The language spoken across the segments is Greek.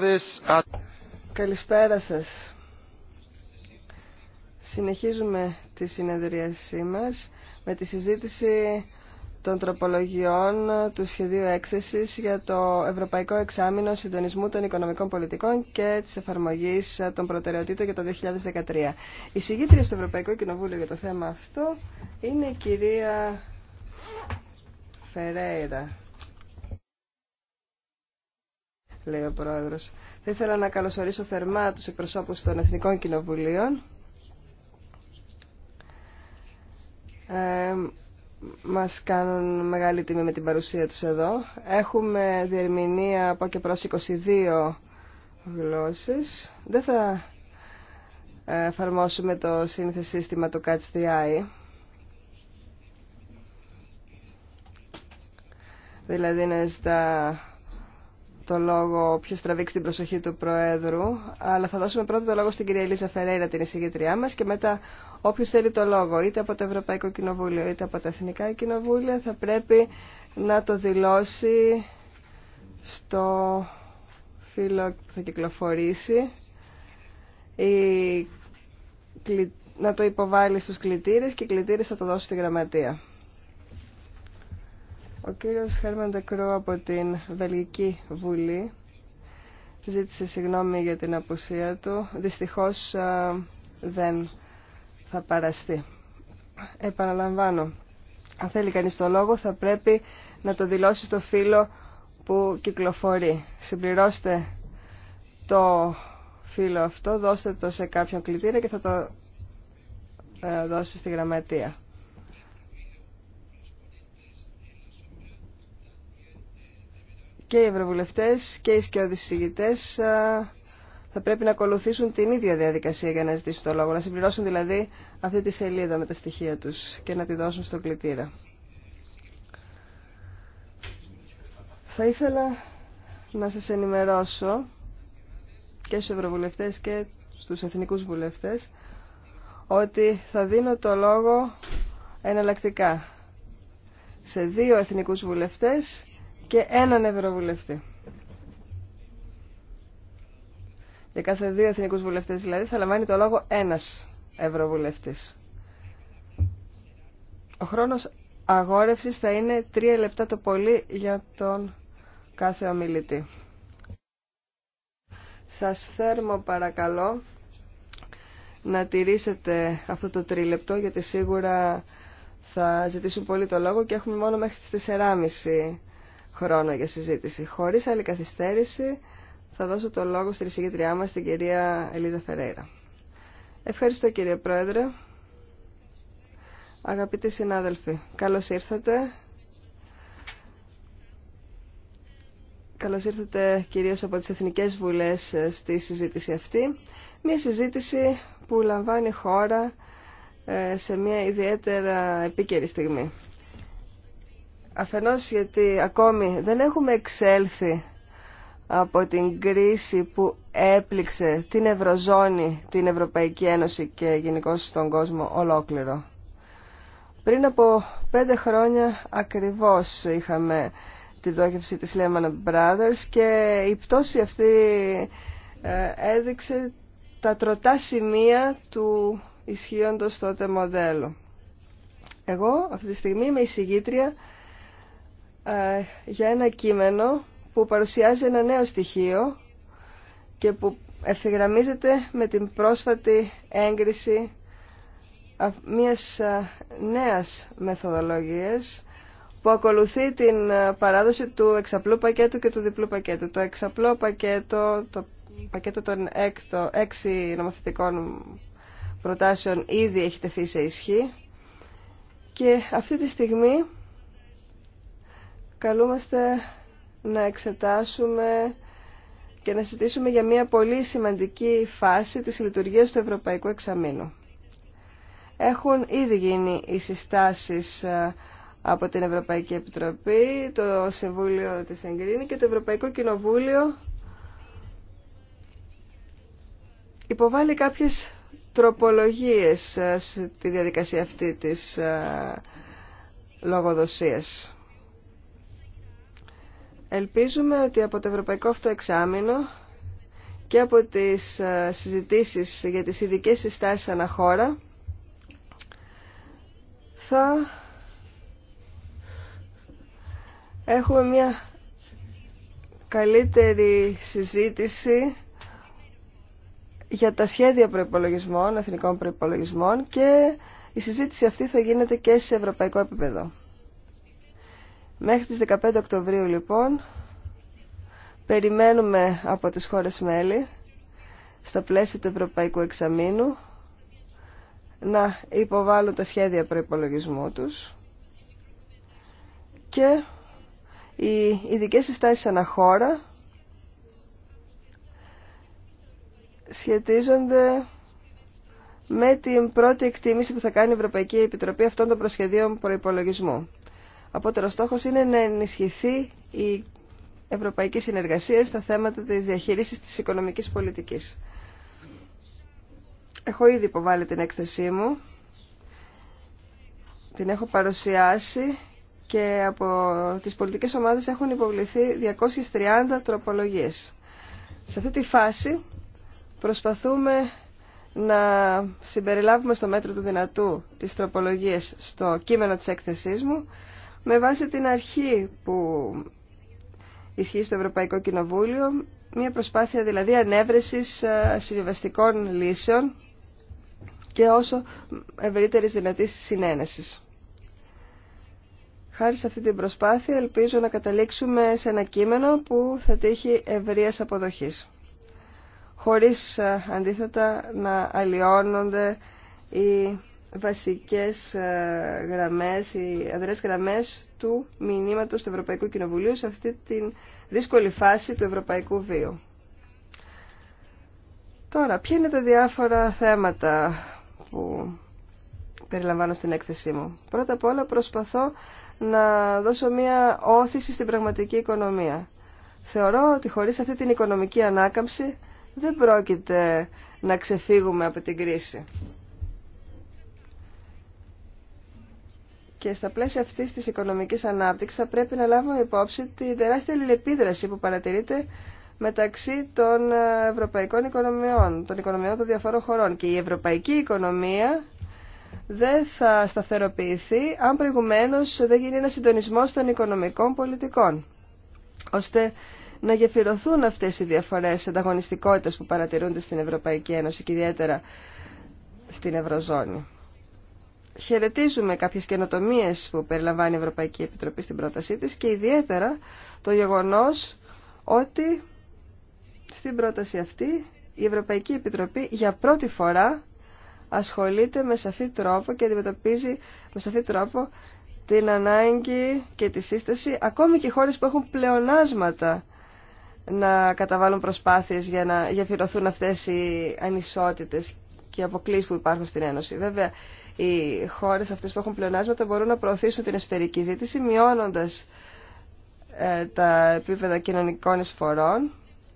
Uh, Καλησπέρα σας. Συνεχίζουμε τη συνεδρίασή μας με τη συζήτηση των τροπολογιών του σχεδίου έκθεσης για το Ευρωπαϊκό Εξάμεινο Συντονισμού των Οικονομικών Πολιτικών και της εφαρμογής των προτεραιοτήτων για το 2013. Η συγκήτρια στο Ευρωπαϊκό Κοινοβούλιο για το θέμα αυτό είναι η κυρία Φερέιρα. λέει Θα ήθελα να καλωσορίσω θερμά του εκπροσώπου των Εθνικών Κοινοβουλίων. Ε, μας κάνουν μεγάλη τιμή με την παρουσία τους εδώ. Έχουμε διερμηνία από και προς 22 γλώσσες. Δεν θα εφαρμόσουμε το σύνθεση σύστημα του Catch the Eye. Δηλαδή να ζητά το λόγο ποιος τραβήξει την προσοχή του Προέδρου, αλλά θα δώσουμε πρώτα το λόγο στην κυρία Ελίζα Φερέιρα, την εισηγητριά μα, και μετά όποιο θέλει το λόγο, είτε από το Ευρωπαϊκό Κοινοβούλιο, είτε από τα Εθνικά Κοινοβούλια, θα πρέπει να το δηλώσει στο φύλλο που θα κυκλοφορήσει, να το υποβάλει στους κλητήρες και οι κλητήρες θα το δώσουν στη γραμματεία. Ο κύριος Χέρμαν Τεκρό από την Βελγική Βουλή ζήτησε συγγνώμη για την απουσία του. Δυστυχώς ε, δεν θα παραστεί. Επαναλαμβάνω, αν θέλει κανείς το λόγο θα πρέπει να το δηλώσει στο φίλο που κυκλοφορεί. Συμπληρώστε το φίλο αυτό, δώστε το σε κάποιον κλητήρα και θα το ε, δώσει στη γραμματεία. και οι ευρωβουλευτές και οι σκιώδεις συγητές ε, θα πρέπει να ακολουθήσουν την ίδια διαδικασία για να ζητήσουν το λόγο, να συμπληρώσουν δηλαδή αυτή τη σελίδα με τα στοιχεία τους και να τη δώσουν στον κλητήρα. Θα ήθελα να σας ενημερώσω και στους ευρωβουλευτές και στους εθνικούς βουλευτές ότι θα δίνω το λόγο εναλλακτικά σε δύο εθνικούς βουλευτές και έναν ευρωβουλευτή. Για κάθε δύο εθνικού βουλευτέ δηλαδή θα λαμβάνει το λόγο ένα ευρωβουλευτή. Ο χρόνο αγόρευση θα είναι τρία λεπτά το πολύ για τον κάθε ομιλητή. Σας θέρμο παρακαλώ να τηρήσετε αυτό το τρίλεπτο γιατί σίγουρα θα ζητήσουν πολύ το λόγο και έχουμε μόνο μέχρι τις 4.30 χρόνο για συζήτηση. Χωρίς άλλη καθυστέρηση θα δώσω το λόγο στη εισηγητριά μας, την κυρία Ελίζα Φερέιρα. Ευχαριστώ κύριε Πρόεδρε. Αγαπητοί συνάδελφοι, καλώς ήρθατε. Καλώς ήρθατε κυρίως από τις Εθνικές Βουλές ε, στη συζήτηση αυτή. Μια συζήτηση που λαμβάνει χώρα ε, σε μια ιδιαίτερα επίκαιρη στιγμή. Αφενός γιατί ακόμη δεν έχουμε εξέλθει από την κρίση που έπληξε την Ευρωζώνη, την Ευρωπαϊκή Ένωση και γενικώ τον κόσμο ολόκληρο. Πριν από πέντε χρόνια ακριβώς είχαμε την δόκευση της Lehman Brothers και η πτώση αυτή ε, έδειξε τα τροτά σημεία του ισχύοντος τότε μοντέλου. Εγώ αυτή τη στιγμή είμαι η ε, για ένα κείμενο που παρουσιάζει ένα νέο στοιχείο και που ευθυγραμμίζεται με την πρόσφατη έγκριση μιας ε, νέας μεθοδολογίας που ακολουθεί την ε, παράδοση του εξαπλού πακέτου και του διπλού πακέτου. Το εξαπλό πακέτο, το πακέτο των έκτο, έξι νομοθετικών προτάσεων ήδη έχει τεθεί σε ισχύ και αυτή τη στιγμή καλούμαστε να εξετάσουμε και να συζητήσουμε για μια πολύ σημαντική φάση της λειτουργίας του Ευρωπαϊκού Εξαμήνου. Έχουν ήδη γίνει οι συστάσεις ε, από την Ευρωπαϊκή Επιτροπή, το Συμβούλιο της Εγκρίνη και το Ευρωπαϊκό Κοινοβούλιο υποβάλλει κάποιες τροπολογίες ε, στη διαδικασία αυτή της ε, λογοδοσίας. Ελπίζουμε ότι από το Ευρωπαϊκό αυτό εξάμεινο και από τις ε, συζητήσεις για τις ειδικές συστάσεις αναχώρα θα έχουμε μια καλύτερη συζήτηση για τα σχέδια προϋπολογισμών, εθνικών προϋπολογισμών και η συζήτηση αυτή θα γίνεται και σε ευρωπαϊκό επίπεδο. Μέχρι τις 15 Οκτωβρίου λοιπόν περιμένουμε από τις χώρες μέλη στα πλαίσια του Ευρωπαϊκού Εξαμήνου να υποβάλουν τα σχέδια προϋπολογισμού τους και οι ειδικές συστάσεις αναχώρα σχετίζονται με την πρώτη εκτίμηση που θα κάνει η Ευρωπαϊκή Επιτροπή αυτών των προσχεδίων προϋπολογισμού απότερο στόχος είναι να ενισχυθεί η ευρωπαϊκή συνεργασία στα θέματα της διαχείρισης της οικονομικής πολιτικής. Έχω ήδη υποβάλει την έκθεσή μου, την έχω παρουσιάσει και από τις πολιτικές ομάδες έχουν υποβληθεί 230 τροπολογίες. Σε αυτή τη φάση προσπαθούμε να συμπεριλάβουμε στο μέτρο του δυνατού τις τροπολογίες στο κείμενο της έκθεσής μου με βάση την αρχή που ισχύει στο Ευρωπαϊκό Κοινοβούλιο, μια προσπάθεια δηλαδή ανέβρεσης ε, συμβιβαστικών λύσεων και όσο ευρύτερης δυνατή συνένεσης. Χάρη σε αυτή την προσπάθεια ελπίζω να καταλήξουμε σε ένα κείμενο που θα τύχει ευρείας αποδοχής χωρίς ε, αντίθετα να αλλοιώνονται οι βασικές ε, γραμμές, οι αδρές γραμμές του μηνύματος του Ευρωπαϊκού Κοινοβουλίου σε αυτή τη δύσκολη φάση του ευρωπαϊκού βίου. Τώρα, ποια είναι τα διάφορα θέματα που περιλαμβάνω στην έκθεσή μου. Πρώτα απ' όλα προσπαθώ να δώσω μία όθηση στην πραγματική οικονομία. Θεωρώ ότι χωρίς αυτή την οικονομική ανάκαμψη δεν πρόκειται να ξεφύγουμε από την κρίση. Και στα πλαίσια αυτή τη οικονομική ανάπτυξη θα πρέπει να λάβουμε υπόψη τη τεράστια αλληλεπίδραση που παρατηρείται μεταξύ των ε, ευρωπαϊκών οικονομιών, των οικονομιών των διαφόρων χωρών. Και η ευρωπαϊκή οικονομία δεν θα σταθεροποιηθεί αν προηγουμένω δεν γίνει ένα συντονισμό των οικονομικών πολιτικών, ώστε να γεφυρωθούν αυτέ οι διαφορέ ανταγωνιστικότητε που παρατηρούνται στην Ευρωπαϊκή Ένωση και ιδιαίτερα στην Ευρωζώνη χαιρετίζουμε κάποιες καινοτομίες που περιλαμβάνει η Ευρωπαϊκή Επιτροπή στην πρότασή της και ιδιαίτερα το γεγονός ότι στην πρόταση αυτή η Ευρωπαϊκή Επιτροπή για πρώτη φορά ασχολείται με σαφή τρόπο και αντιμετωπίζει με σαφή τρόπο την ανάγκη και τη σύσταση ακόμη και χώρες που έχουν πλεονάσματα να καταβάλουν προσπάθειες για να γεφυρωθούν αυτές οι ανισότητες και αποκλείς που υπάρχουν στην Ένωση. Βέβαια, οι χώρες αυτές που έχουν πλεονάσματα μπορούν να προωθήσουν την εσωτερική ζήτηση μειώνοντας ε, τα επίπεδα κοινωνικών εισφορών,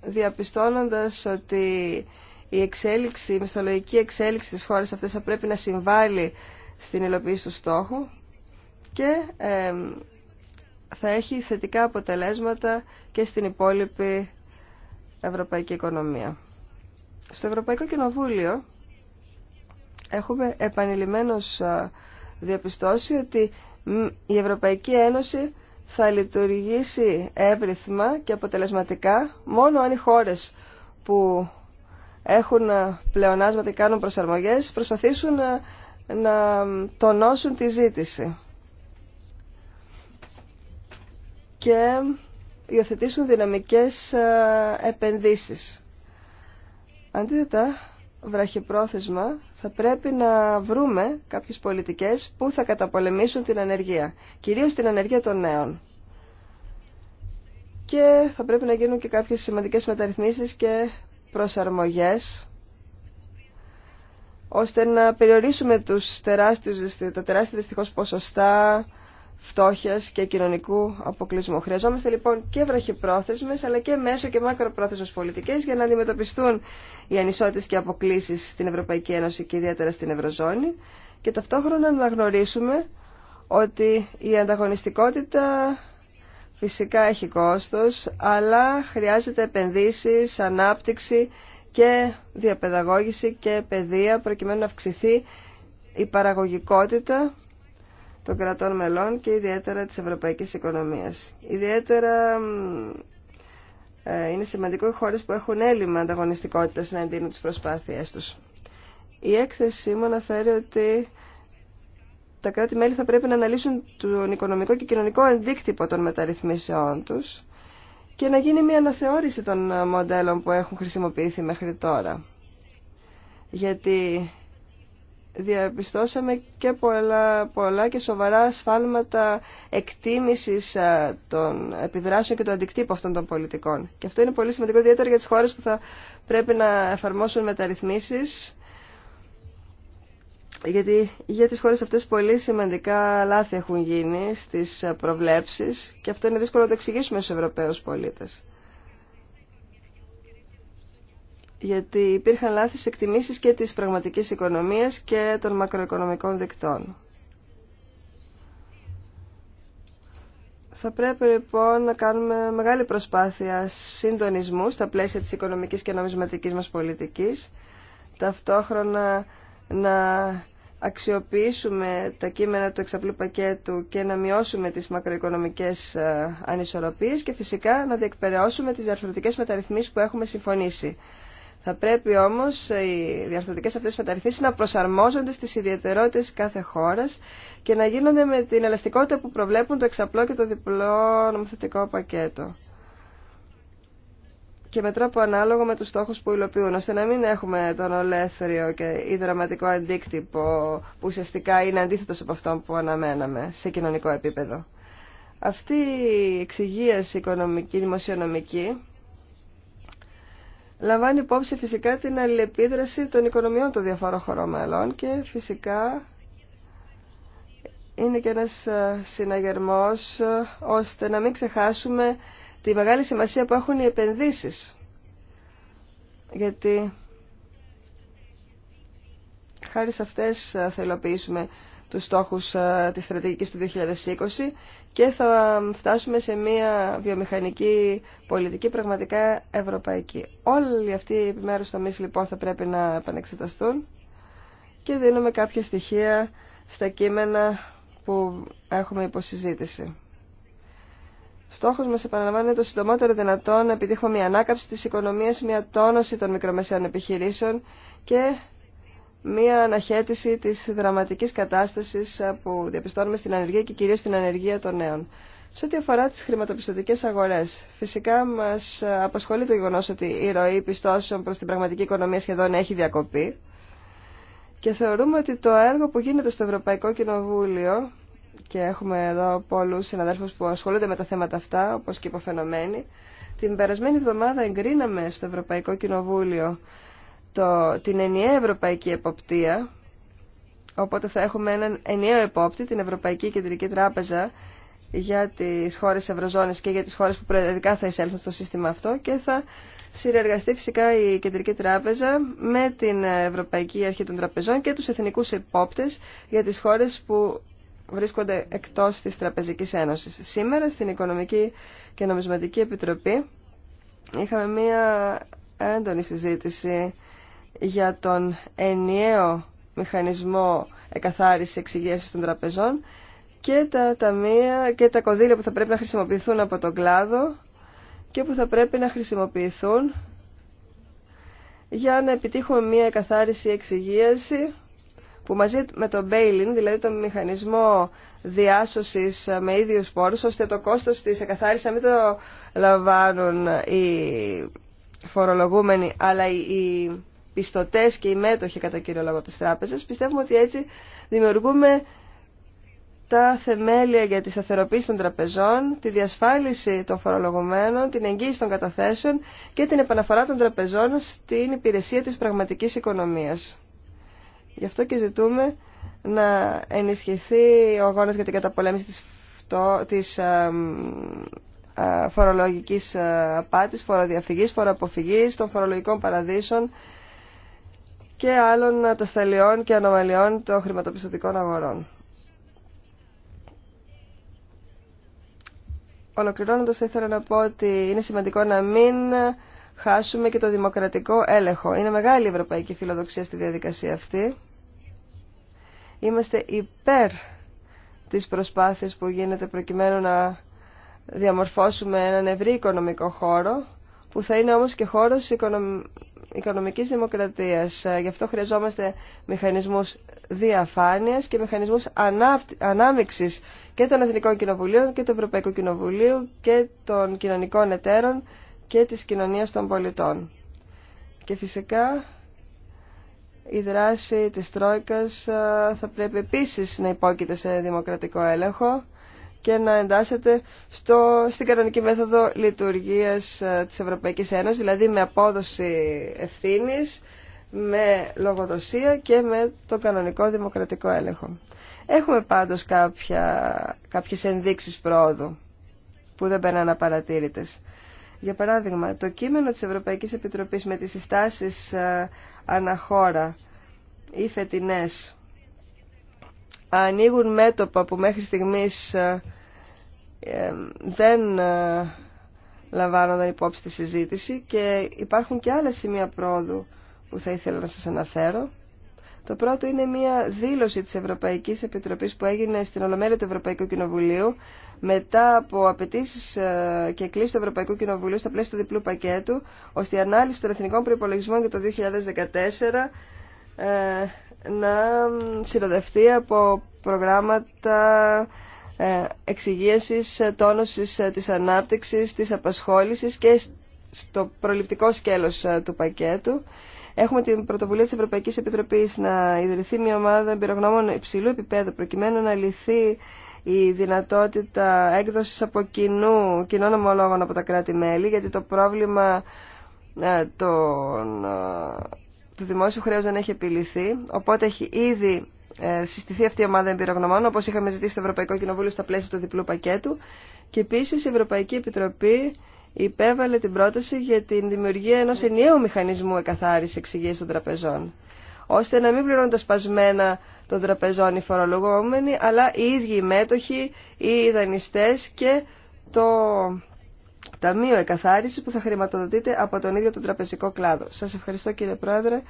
διαπιστώνοντας ότι η εξέλιξη, η μισθολογική εξέλιξη τη χώρα αυτές θα πρέπει να συμβάλλει στην υλοποίηση του στόχου και ε, θα έχει θετικά αποτελέσματα και στην υπόλοιπη ευρωπαϊκή οικονομία. Στο Ευρωπαϊκό Κοινοβούλιο έχουμε επανειλημμένως διαπιστώσει ότι η Ευρωπαϊκή Ένωση θα λειτουργήσει εύρυθμα και αποτελεσματικά μόνο αν οι χώρες που έχουν πλεονάσματα και κάνουν προσαρμογές προσπαθήσουν να, να τονώσουν τη ζήτηση και υιοθετήσουν δυναμικές επενδύσεις. Αντίθετα, βραχυπρόθεσμα θα πρέπει να βρούμε κάποιες πολιτικές που θα καταπολεμήσουν την ανεργία, κυρίως την ανεργία των νέων. Και θα πρέπει να γίνουν και κάποιες σημαντικές μεταρρυθμίσεις και προσαρμογές ώστε να περιορίσουμε τους τεράστιους, τα τεράστια δυστυχώς ποσοστά φτώχεια και κοινωνικού αποκλεισμού. Χρειαζόμαστε λοιπόν και βραχυπρόθεσμε αλλά και μέσο και μακροπρόθεσμε πολιτικές για να αντιμετωπιστούν οι ανισότητες και αποκλήσει στην Ευρωπαϊκή Ένωση και ιδιαίτερα στην Ευρωζώνη και ταυτόχρονα να γνωρίσουμε ότι η ανταγωνιστικότητα φυσικά έχει κόστος αλλά χρειάζεται επενδύσεις, ανάπτυξη και διαπαιδαγώγηση και παιδεία προκειμένου να αυξηθεί η παραγωγικότητα των κρατών μελών και ιδιαίτερα της ευρωπαϊκής οικονομίας. Ιδιαίτερα ε, είναι σημαντικό οι χώρες που έχουν έλλειμμα ανταγωνιστικότητας να εντείνουν τις προσπάθειές τους. Η έκθεση μου αναφέρει ότι τα κράτη-μέλη θα πρέπει να αναλύσουν τον οικονομικό και κοινωνικό αντίκτυπο των μεταρρυθμίσεών τους και να γίνει μια αναθεώρηση των μοντέλων που έχουν χρησιμοποιηθεί μέχρι τώρα. Γιατί διαπιστώσαμε και πολλά, πολλά και σοβαρά σφάλματα εκτίμησης των επιδράσεων και του αντικτύπου αυτών των πολιτικών. Και αυτό είναι πολύ σημαντικό ιδιαίτερα για τις χώρες που θα πρέπει να εφαρμόσουν μεταρρυθμίσεις γιατί για τις χώρες αυτές πολύ σημαντικά λάθη έχουν γίνει στις προβλέψεις και αυτό είναι δύσκολο να το εξηγήσουμε στους Ευρωπαίους πολίτες. γιατί υπήρχαν λάθη εκτιμήσεις και της πραγματικής οικονομίας και των μακροοικονομικών δικτών. Θα πρέπει λοιπόν να κάνουμε μεγάλη προσπάθεια συντονισμού στα πλαίσια της οικονομικής και νομισματικής μας πολιτικής, ταυτόχρονα να αξιοποιήσουμε τα κείμενα του εξαπλού πακέτου και να μειώσουμε τις μακροοικονομικές ε, ανισορροπίες και φυσικά να διεκπαιρεώσουμε τις διαρθρωτικές μεταρρυθμίσεις που έχουμε συμφωνήσει. Θα πρέπει όμως οι διαρθρωτικές αυτές μεταρρυθμίσεις να προσαρμόζονται στις ιδιαιτερότητες κάθε χώρας και να γίνονται με την ελαστικότητα που προβλέπουν το εξαπλό και το διπλό νομοθετικό πακέτο και με τρόπο ανάλογο με τους στόχους που υλοποιούν, ώστε να μην έχουμε τον ολέθριο και η δραματικό αντίκτυπο που ουσιαστικά είναι αντίθετος από αυτο που αναμέναμε σε κοινωνικό επίπεδο. Αυτή η εξυγίαση οικονομική, δημοσιονομική λαμβάνει υπόψη φυσικά την αλληλεπίδραση των οικονομιών των διαφόρων χωρών μελών και φυσικά είναι και ένας ε, συναγερμός ε, ώστε να μην ξεχάσουμε τη μεγάλη σημασία που έχουν οι επενδύσεις. Γιατί χάρη σε αυτές ε, θα υλοποιήσουμε τους στόχους ε, τη στρατηγική του 2020 και θα φτάσουμε σε μια βιομηχανική πολιτική πραγματικά ευρωπαϊκή. Όλοι αυτοί οι επιμέρου τομεί λοιπόν θα πρέπει να επανεξεταστούν και δίνουμε κάποια στοιχεία στα κείμενα που έχουμε υποσυζήτηση. στοχο μα επαναλαμβάνω, είναι το συντομότερο δυνατόν να επιτύχουμε μια ανάκαψη τη οικονομια μια τόνωση των μικρομεσαίων επιχειρήσεων και μία αναχέτηση της δραματικής κατάστασης που διαπιστώνουμε στην ανεργία και κυρίως στην ανεργία των νέων. Σε ό,τι αφορά τις χρηματοπιστωτικές αγορές, φυσικά μας απασχολεί το γεγονός ότι η ροή πιστώσεων προς την πραγματική οικονομία σχεδόν έχει διακοπεί και θεωρούμε ότι το έργο που γίνεται στο Ευρωπαϊκό Κοινοβούλιο και έχουμε εδώ πολλούς συναδέλφους που ασχολούνται με τα θέματα αυτά, όπως και υποφαινομένοι, την περασμένη εβδομάδα εγκρίναμε στο Ευρωπαϊκό Κοινοβούλιο το, την ενιαία ευρωπαϊκή εποπτεία, οπότε θα έχουμε έναν ενιαίο επόπτη, την Ευρωπαϊκή Κεντρική Τράπεζα, για τις χώρες Ευρωζώνης και για τις χώρες που προεδρικά θα εισέλθουν στο σύστημα αυτό και θα συνεργαστεί φυσικά η Κεντρική Τράπεζα με την Ευρωπαϊκή Αρχή των Τραπεζών και τους εθνικούς επόπτες για τις χώρες που βρίσκονται εκτός της Τραπεζικής Ένωσης. Σήμερα στην Οικονομική και Νομισματική Επιτροπή είχαμε μία έντονη συζήτηση για τον ενιαίο μηχανισμό εκαθάριση εξυγίασης των τραπεζών και τα ταμεία και τα κονδύλια που θα πρέπει να χρησιμοποιηθούν από τον κλάδο και που θα πρέπει να χρησιμοποιηθούν για να επιτύχουμε μια εκαθάριση εξυγίαση που μαζί με το bail δηλαδή τον μηχανισμό διάσωσης με ίδιους πόρους, ώστε το κόστος της εκαθάρισης να μην το λαμβάνουν οι φορολογούμενοι, αλλά οι πιστωτές και οι μέτοχοι κατά κύριο λόγο της τράπεζας, πιστεύουμε ότι έτσι δημιουργούμε τα θεμέλια για τη σταθεροποίηση των τραπεζών, τη διασφάλιση των φορολογουμένων, την εγγύηση των καταθέσεων και την επαναφορά των τραπεζών στην υπηρεσία της πραγματικής οικονομίας. Γι' αυτό και ζητούμε να ενισχυθεί ο αγώνας για την καταπολέμηση της, φτω... της ε, φορολογικής ε, απάτης, φοροδιαφυγής, φοροαποφυγής, των φορολογικών παραδείσων και άλλων ατασταλιών και ανομαλιών των χρηματοπιστωτικών αγορών. Ολοκληρώνοντας θα ήθελα να πω ότι είναι σημαντικό να μην χάσουμε και το δημοκρατικό έλεγχο. Είναι μεγάλη η ευρωπαϊκή φιλοδοξία στη διαδικασία αυτή. Είμαστε υπέρ της προσπάθειας που γίνεται προκειμένου να διαμορφώσουμε έναν ευρύ οικονομικό χώρο, που θα είναι όμως και χώρος οικονομική δημοκρατίας. Ε, γι' αυτό χρειαζόμαστε μηχανισμούς διαφάνειας και μηχανισμούς ανάμειξης και των Εθνικών Κοινοβουλίων και του Ευρωπαϊκού Κοινοβουλίου και των κοινωνικών εταίρων και της κοινωνίας των πολιτών. Και φυσικά η δράση της Τρόικας ε, θα πρέπει επίσης να υπόκειται σε δημοκρατικό έλεγχο και να εντάσσεται στο, στην κανονική μέθοδο λειτουργίας ε, της Ευρωπαϊκής Ένωσης, δηλαδή με απόδοση ευθύνης, με λογοδοσία και με το κανονικό δημοκρατικό έλεγχο. Έχουμε πάντως κάποια, κάποιες ενδείξεις πρόοδου που δεν περνάνε απαρατήρητες. Για παράδειγμα, το κείμενο της Ευρωπαϊκής Επιτροπής με τις συστάσεις ε, αναχώρα ή φετινές ανοίγουν μέτωπα που μέχρι στιγμής ε, ε, δεν ε, λαμβάνονταν υπόψη στη συζήτηση και υπάρχουν και άλλα σημεία πρόοδου που θα ήθελα να σας αναφέρω. Το πρώτο είναι μια δήλωση της Ευρωπαϊκής Επιτροπής που έγινε στην Ολομέλεια του Ευρωπαϊκού Κοινοβουλίου μετά από απαιτήσει και κλείσει του Ευρωπαϊκού Κοινοβουλίου στα πλαίσια του διπλού πακέτου ώστε η ανάλυση των εθνικών προϋπολογισμών για το 2014 να συνοδευτεί από προγράμματα ε, εξυγίασης, ε, τόνωσης ε, της ανάπτυξης, της απασχόλησης και στο προληπτικό σκέλος του πακέτου. Έχουμε την πρωτοβουλία της Ευρωπαϊκής Επιτροπής να ιδρυθεί μια ομάδα εμπειρογνώμων υψηλού επίπεδου προκειμένου να λυθεί η δυνατότητα έκδοσης από κοινού κοινών ομολόγων από τα κράτη-μέλη γιατί το πρόβλημα των του δημόσιου χρέους δεν έχει επιληθεί, οπότε έχει ήδη ε, συστηθεί αυτή η ομάδα εμπειρογνωμών, όπως είχαμε ζητήσει στο Ευρωπαϊκό Κοινοβούλιο στα πλαίσια του διπλού πακέτου. Και επίσης η Ευρωπαϊκή Επιτροπή υπέβαλε την πρόταση για την δημιουργία ενός ενιαίου μηχανισμού εκαθάρισης εξυγείας των τραπεζών, ώστε να μην πληρώνουν τα σπασμένα των τραπεζών οι φορολογόμενοι, αλλά οι ίδιοι οι μέτοχοι, οι δανειστές και το ταμείο εκαθάρισης που θα χρηματοδοτείται από τον ίδιο τον τραπεζικό κλάδο. Σας ευχαριστώ κύριε Πρόεδρε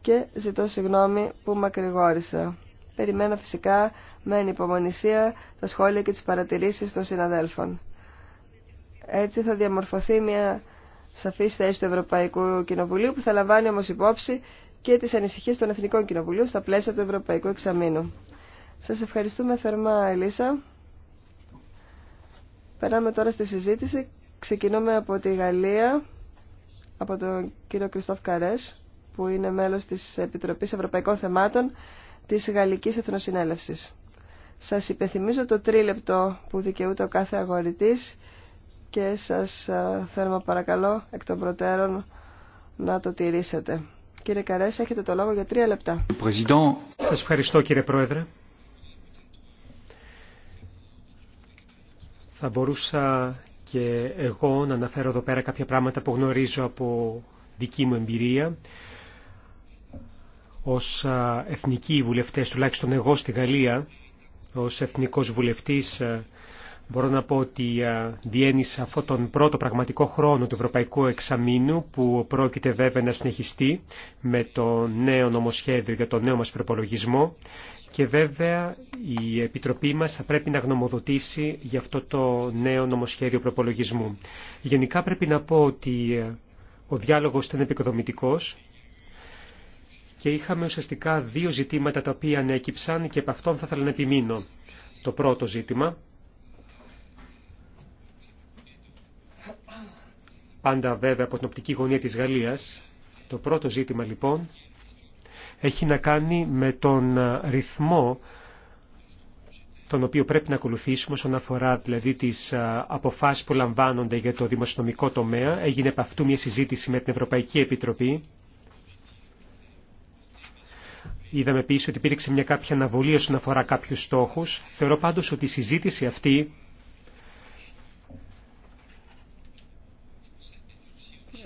και ζητώ συγγνώμη που μακρηγόρησα. Περιμένω φυσικά με ανυπομονησία τα σχόλια και τις παρατηρήσεις των συναδέλφων. Έτσι θα διαμορφωθεί μια σαφή θέση του Ευρωπαϊκού Κοινοβουλίου που θα λαμβάνει όμως υπόψη και τις ανησυχίες των Εθνικών Κοινοβουλίων στα πλαίσια του Ευρωπαϊκού Εξαμήνου. Σας ευχαριστούμε θερμά Ελίσσα. Περάμε τώρα στη συζήτηση Ξεκινούμε από τη Γαλλία, από τον κύριο Κριστόφ Καρές, που είναι μέλος της Επιτροπής Ευρωπαϊκών Θεμάτων της Γαλλικής Εθνοσυνέλευσης. Σας υπενθυμίζω το τρίλεπτο που δικαιούται ο κάθε αγορητής και σας να παρακαλώ εκ των προτέρων να το τηρήσετε. Κύριε Καρές, έχετε το λόγο για τρία λεπτά. Σας ευχαριστώ κύριε Πρόεδρε. Θα μπορούσα και εγώ να αναφέρω εδώ πέρα κάποια πράγματα που γνωρίζω από δική μου εμπειρία. Ως εθνικοί βουλευτές, τουλάχιστον εγώ στη Γαλλία, ως εθνικός βουλευτής, μπορώ να πω ότι διένυσα αυτόν τον πρώτο πραγματικό χρόνο του Ευρωπαϊκού Εξαμήνου, που πρόκειται βέβαια να συνεχιστεί με το νέο νομοσχέδιο για το νέο μας προπολογισμό και βέβαια η Επιτροπή μας θα πρέπει να γνωμοδοτήσει για αυτό το νέο νομοσχέδιο προπολογισμού. Γενικά πρέπει να πω ότι ε, ο διάλογος ήταν επικοδομητικός και είχαμε ουσιαστικά δύο ζητήματα τα οποία ανέκυψαν και από αυτόν θα ήθελα να επιμείνω. Το πρώτο ζήτημα, πάντα βέβαια από την οπτική γωνία της Γαλλίας, το πρώτο ζήτημα λοιπόν έχει να κάνει με τον ε, ρυθμό τον οποίο πρέπει να ακολουθήσουμε όσον αφορά δηλαδή τις ε, αποφάσεις που λαμβάνονται για το δημοσιονομικό τομέα. Έγινε από αυτού μια συζήτηση με την Ευρωπαϊκή Επιτροπή. Είδαμε επίση ότι υπήρξε μια κάποια αναβολή όσον αφορά κάποιους στόχους. Θεωρώ πάντως ότι η συζήτηση αυτή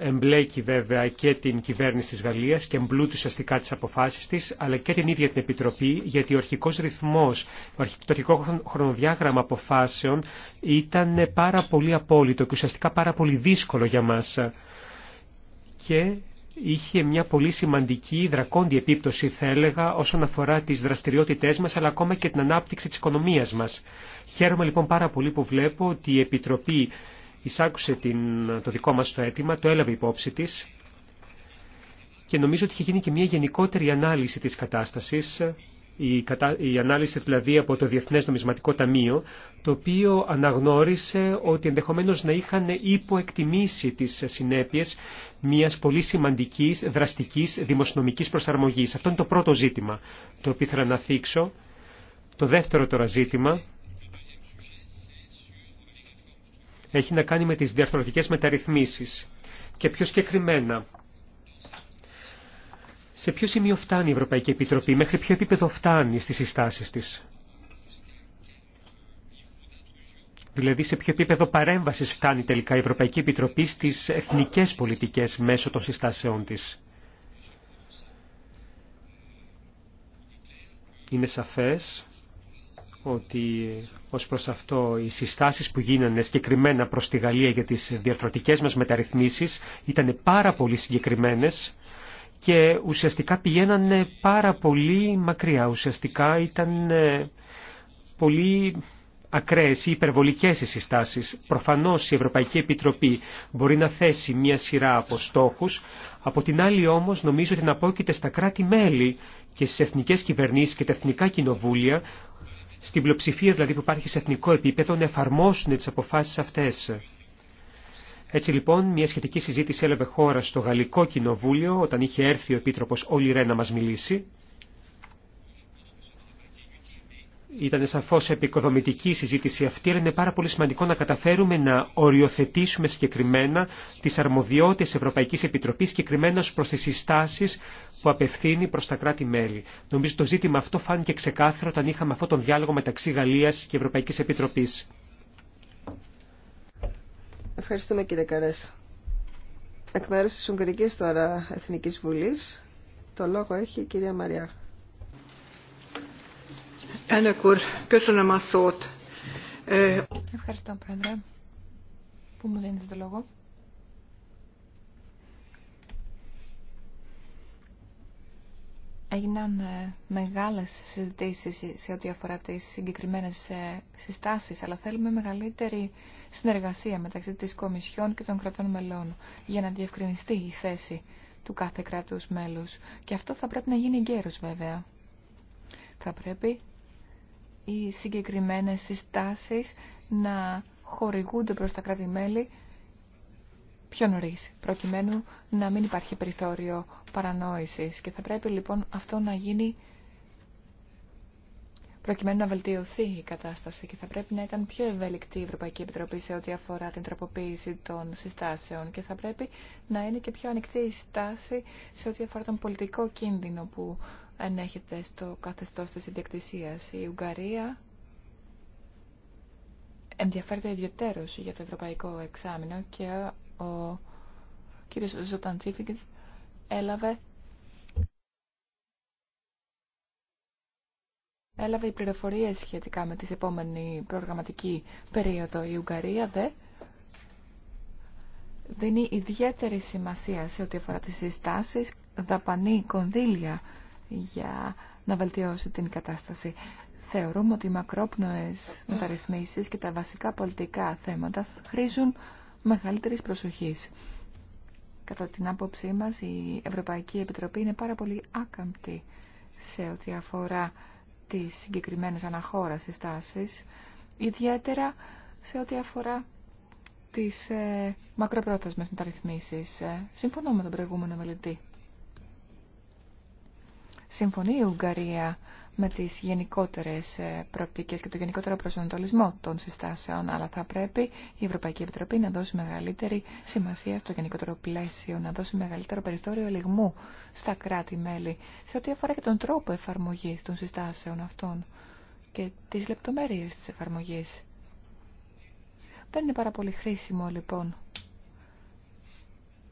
εμπλέκει βέβαια και την κυβέρνηση της Γαλλίας και εμπλούτησε αστικά τις αποφάσεις της, αλλά και την ίδια την Επιτροπή, γιατί ο αρχικός ρυθμός, το αρχικό χρονοδιάγραμμα αποφάσεων ήταν πάρα πολύ απόλυτο και ουσιαστικά πάρα πολύ δύσκολο για μας. Και είχε μια πολύ σημαντική δρακόντια επίπτωση θα έλεγα όσον αφορά τις δραστηριότητές μας αλλά ακόμα και την ανάπτυξη της οικονομίας μας. Χαίρομαι λοιπόν πάρα πολύ που βλέπω ότι η Επιτροπή εισάκουσε την, το δικό μας το αίτημα, το έλαβε υπόψη της και νομίζω ότι είχε γίνει και μια γενικότερη ανάλυση της κατάστασης, η, η ανάλυση δηλαδή από το Διεθνές Νομισματικό Ταμείο, το οποίο αναγνώρισε ότι ενδεχομένως να είχαν υποεκτιμήσει τις συνέπειες μιας πολύ σημαντικής δραστικής δημοσιονομικής προσαρμογής. Αυτό είναι το πρώτο ζήτημα το οποίο ήθελα να θίξω. Το δεύτερο τώρα ζήτημα έχει να κάνει με τις διαρθρωτικές μεταρρυθμίσεις. Και πιο συγκεκριμένα, σε ποιο σημείο φτάνει η Ευρωπαϊκή Επιτροπή, μέχρι ποιο επίπεδο φτάνει στις συστάσεις της. Δηλαδή σε ποιο επίπεδο παρέμβασης φτάνει τελικά η Ευρωπαϊκή Επιτροπή στις εθνικές πολιτικές μέσω των συστάσεών της. Είναι σαφές ότι ως προς αυτό οι συστάσεις που γίνανε συγκεκριμένα προς τη Γαλλία για τις διαρθρωτικές μας μεταρρυθμίσεις ήταν πάρα πολύ συγκεκριμένες και ουσιαστικά πηγαίνανε πάρα πολύ μακριά. Ουσιαστικά ήταν ε, πολύ ακραίες ή υπερβολικές οι συστάσεις. Προφανώς η Ευρωπαϊκή Επιτροπή μπορεί να θέσει μία σειρά από στόχους, από την άλλη όμως νομίζω ότι να στα κράτη-μέλη και στις εθνικές κυβερνήσεις και τα εθνικά κοινοβούλια στην πλειοψηφία δηλαδή που υπάρχει σε εθνικό επίπεδο να εφαρμόσουν τις αποφάσεις αυτές. Έτσι λοιπόν μια σχετική συζήτηση έλαβε χώρα στο Γαλλικό Κοινοβούλιο όταν είχε έρθει ο Επίτροπος Όλη Ρέ να μας μιλήσει Ήταν σαφώ επικοδομητική η συζήτηση αυτή, αλλά είναι πάρα πολύ σημαντικό να καταφέρουμε να οριοθετήσουμε συγκεκριμένα τι αρμοδιότητε Ευρωπαϊκή Επιτροπή, συγκεκριμένα προ τι συστάσει που απευθύνει προ τα κράτη-μέλη. Νομίζω το ζήτημα αυτό φάνηκε ξεκάθαρο όταν είχαμε αυτόν τον διάλογο μεταξύ Γαλλία και Ευρωπαϊκή Επιτροπή. Ευχαριστούμε κύριε Καρέ. Εκ μέρου τη Ουγγρική τώρα Εθνική Βουλή, το λόγο έχει η κυρία Μαριά. Ευχαριστώ, Πρόεδρε, που μου δίνετε το λόγο. Έγιναν ε, μεγάλες συζητήσεις σε ό,τι αφορά τις συγκεκριμένες ε, συστάσεις, αλλά θέλουμε μεγαλύτερη συνεργασία μεταξύ της Κομισιόν και των κρατών μελών για να διευκρινιστεί η θέση του κάθε κράτους μέλους. Και αυτό θα πρέπει να γίνει γέρος βέβαια. Θα πρέπει οι συγκεκριμένες συστάσεις να χορηγούνται προς τα κρατη πιο νωρίς, προκειμένου να μην υπάρχει περιθώριο παρανόησης και θα πρέπει λοιπόν αυτό να γίνει προκειμένου να βελτιωθεί η κατάσταση και θα πρέπει να ήταν πιο ευέλικτη η Ευρωπαϊκή Επιτροπή σε ό,τι αφορά την τροποποίηση των συστάσεων και θα πρέπει να είναι και πιο ανοιχτή η στάση σε ό,τι αφορά τον πολιτικό κίνδυνο που ενέχεται στο καθεστώς της ιδιοκτησίας. Η Ουγγαρία ενδιαφέρεται ιδιαίτερως για το ευρωπαϊκό εξάμεινο και ο κύριος Ζωταντσίφικης έλαβε έλαβε οι πληροφορίες σχετικά με τις επόμενη προγραμματική περίοδο. Η Ουγγαρία δε δίνει ιδιαίτερη σημασία σε ό,τι αφορά τις συστάσεις, δαπανή κονδύλια για να βελτιώσει την κατάσταση. Θεωρούμε ότι οι μακρόπνοες μεταρρυθμίσεις και τα βασικά πολιτικά θέματα χρήζουν μεγαλύτερης προσοχής. Κατά την άποψή μας η Ευρωπαϊκή Επιτροπή είναι πάρα πολύ άκαμπτη σε ό,τι αφορά τις συγκεκριμένες αναχώρας συστάσεις, ιδιαίτερα σε ό,τι αφορά τις ε, μακροπρόθεσμες μεταρρυθμίσεις. Ε, συμφωνώ με τον προηγούμενο μελετή. Συμφωνεί η Ουγγαρία με τις γενικότερες ε, προοπτικές και το γενικότερο προσανατολισμό των συστάσεων, αλλά θα πρέπει η Ευρωπαϊκή Επιτροπή να δώσει μεγαλύτερη σημασία στο γενικότερο πλαίσιο, να δώσει μεγαλύτερο περιθώριο λιγμού στα κράτη-μέλη, σε ό,τι αφορά και τον τρόπο εφαρμογής των συστάσεων αυτών και τις λεπτομέρειες της εφαρμογής. Δεν είναι πάρα πολύ χρήσιμο, λοιπόν,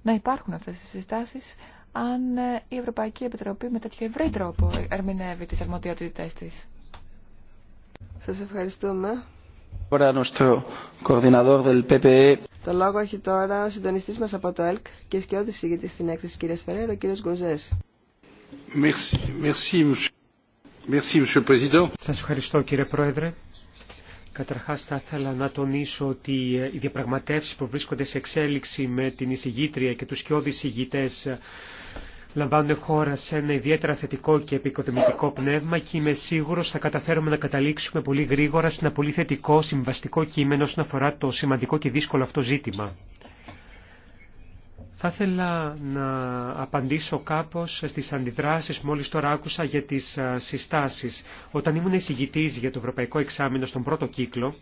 να υπάρχουν αυτές τις συστάσεις αν ε, η Ευρωπαϊκή Επιτροπή με τέτοιο ευρύ τρόπο ερμηνεύει τις αρμοδιότητές της. Σας ευχαριστούμε. Το λόγο έχει τώρα ο συντονιστής μας από το ΕΛΚ και σκιώδης συγγετής στην έκθεση κυρίας Φεραίρο, ο κύριος Γκοζές. Σας ευχαριστώ κύριε Πρόεδρε. Καταρχάς θα ήθελα να τονίσω ότι ε, οι διαπραγματεύσεις που βρίσκονται σε εξέλιξη με την εισηγήτρια και τους σκιώδεις ηγητές ε, λαμβάνουν χώρα σε ένα ιδιαίτερα θετικό και επικοδομητικό πνεύμα και είμαι σίγουρος θα καταφέρουμε να καταλήξουμε πολύ γρήγορα σε ένα πολύ θετικό συμβαστικό κείμενο όσον αφορά το σημαντικό και δύσκολο αυτό ζήτημα. Θα ήθελα να απαντήσω κάπως στις αντιδράσεις μόλις τώρα άκουσα για τις συστάσεις. Όταν ήμουν εισηγητής για το Ευρωπαϊκό Εξάμεινο στον πρώτο κύκλο,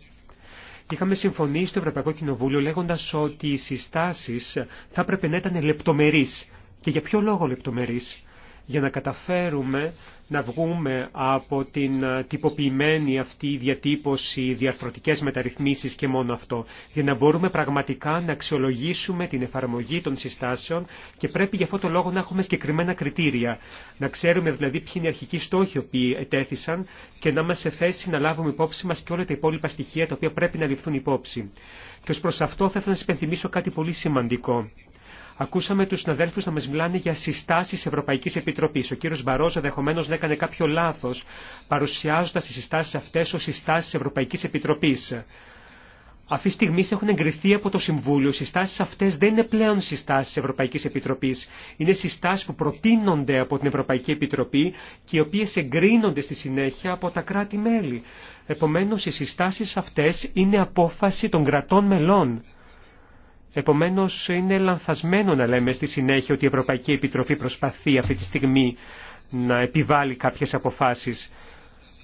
είχαμε συμφωνήσει στο Ευρωπαϊκό Κοινοβούλιο λέγοντας ότι οι συστάσεις θα έπρεπε να ήταν λεπτομερείς. Και για ποιο λόγο λεπτομερείς για να καταφέρουμε να βγούμε από την ε, τυποποιημένη αυτή διατύπωση, διαρθρωτικές μεταρρυθμίσεις και μόνο αυτό, για να μπορούμε πραγματικά να αξιολογήσουμε την εφαρμογή των συστάσεων και πρέπει για αυτό το λόγο να έχουμε συγκεκριμένα κριτήρια, να ξέρουμε δηλαδή ποιοι είναι οι αρχικοί στόχοι που ετέθησαν και να είμαστε σε θέση να λάβουμε υπόψη μας και όλα τα υπόλοιπα στοιχεία τα οποία πρέπει να ληφθούν υπόψη. Και ως προς αυτό θα ήθελα να σας υπενθυμίσω κάτι πολύ σημαντικό. Ακούσαμε του συναδέλφου να μα μιλάνε για συστάσει Ευρωπαϊκή Επιτροπή. Ο κύριο Μπαρόζο ενδεχομένω να έκανε κάποιο λάθο παρουσιάζοντα τι συστάσει αυτέ ω συστάσει Ευρωπαϊκή Επιτροπή. Αυτή τη στιγμή έχουν εγκριθεί από το Συμβούλιο. Οι συστάσει αυτέ δεν είναι πλέον συστάσει Ευρωπαϊκή Επιτροπή. Είναι συστάσει που προτείνονται από την Ευρωπαϊκή Επιτροπή και οι οποίε εγκρίνονται στη συνέχεια από τα κράτη-μέλη. Επομένω, οι συστάσει αυτέ είναι απόφαση των κρατών μελών. Επομένως είναι λανθασμένο να λέμε στη συνέχεια ότι η Ευρωπαϊκή Επιτροπή προσπαθεί αυτή τη στιγμή να επιβάλλει κάποιες αποφάσεις.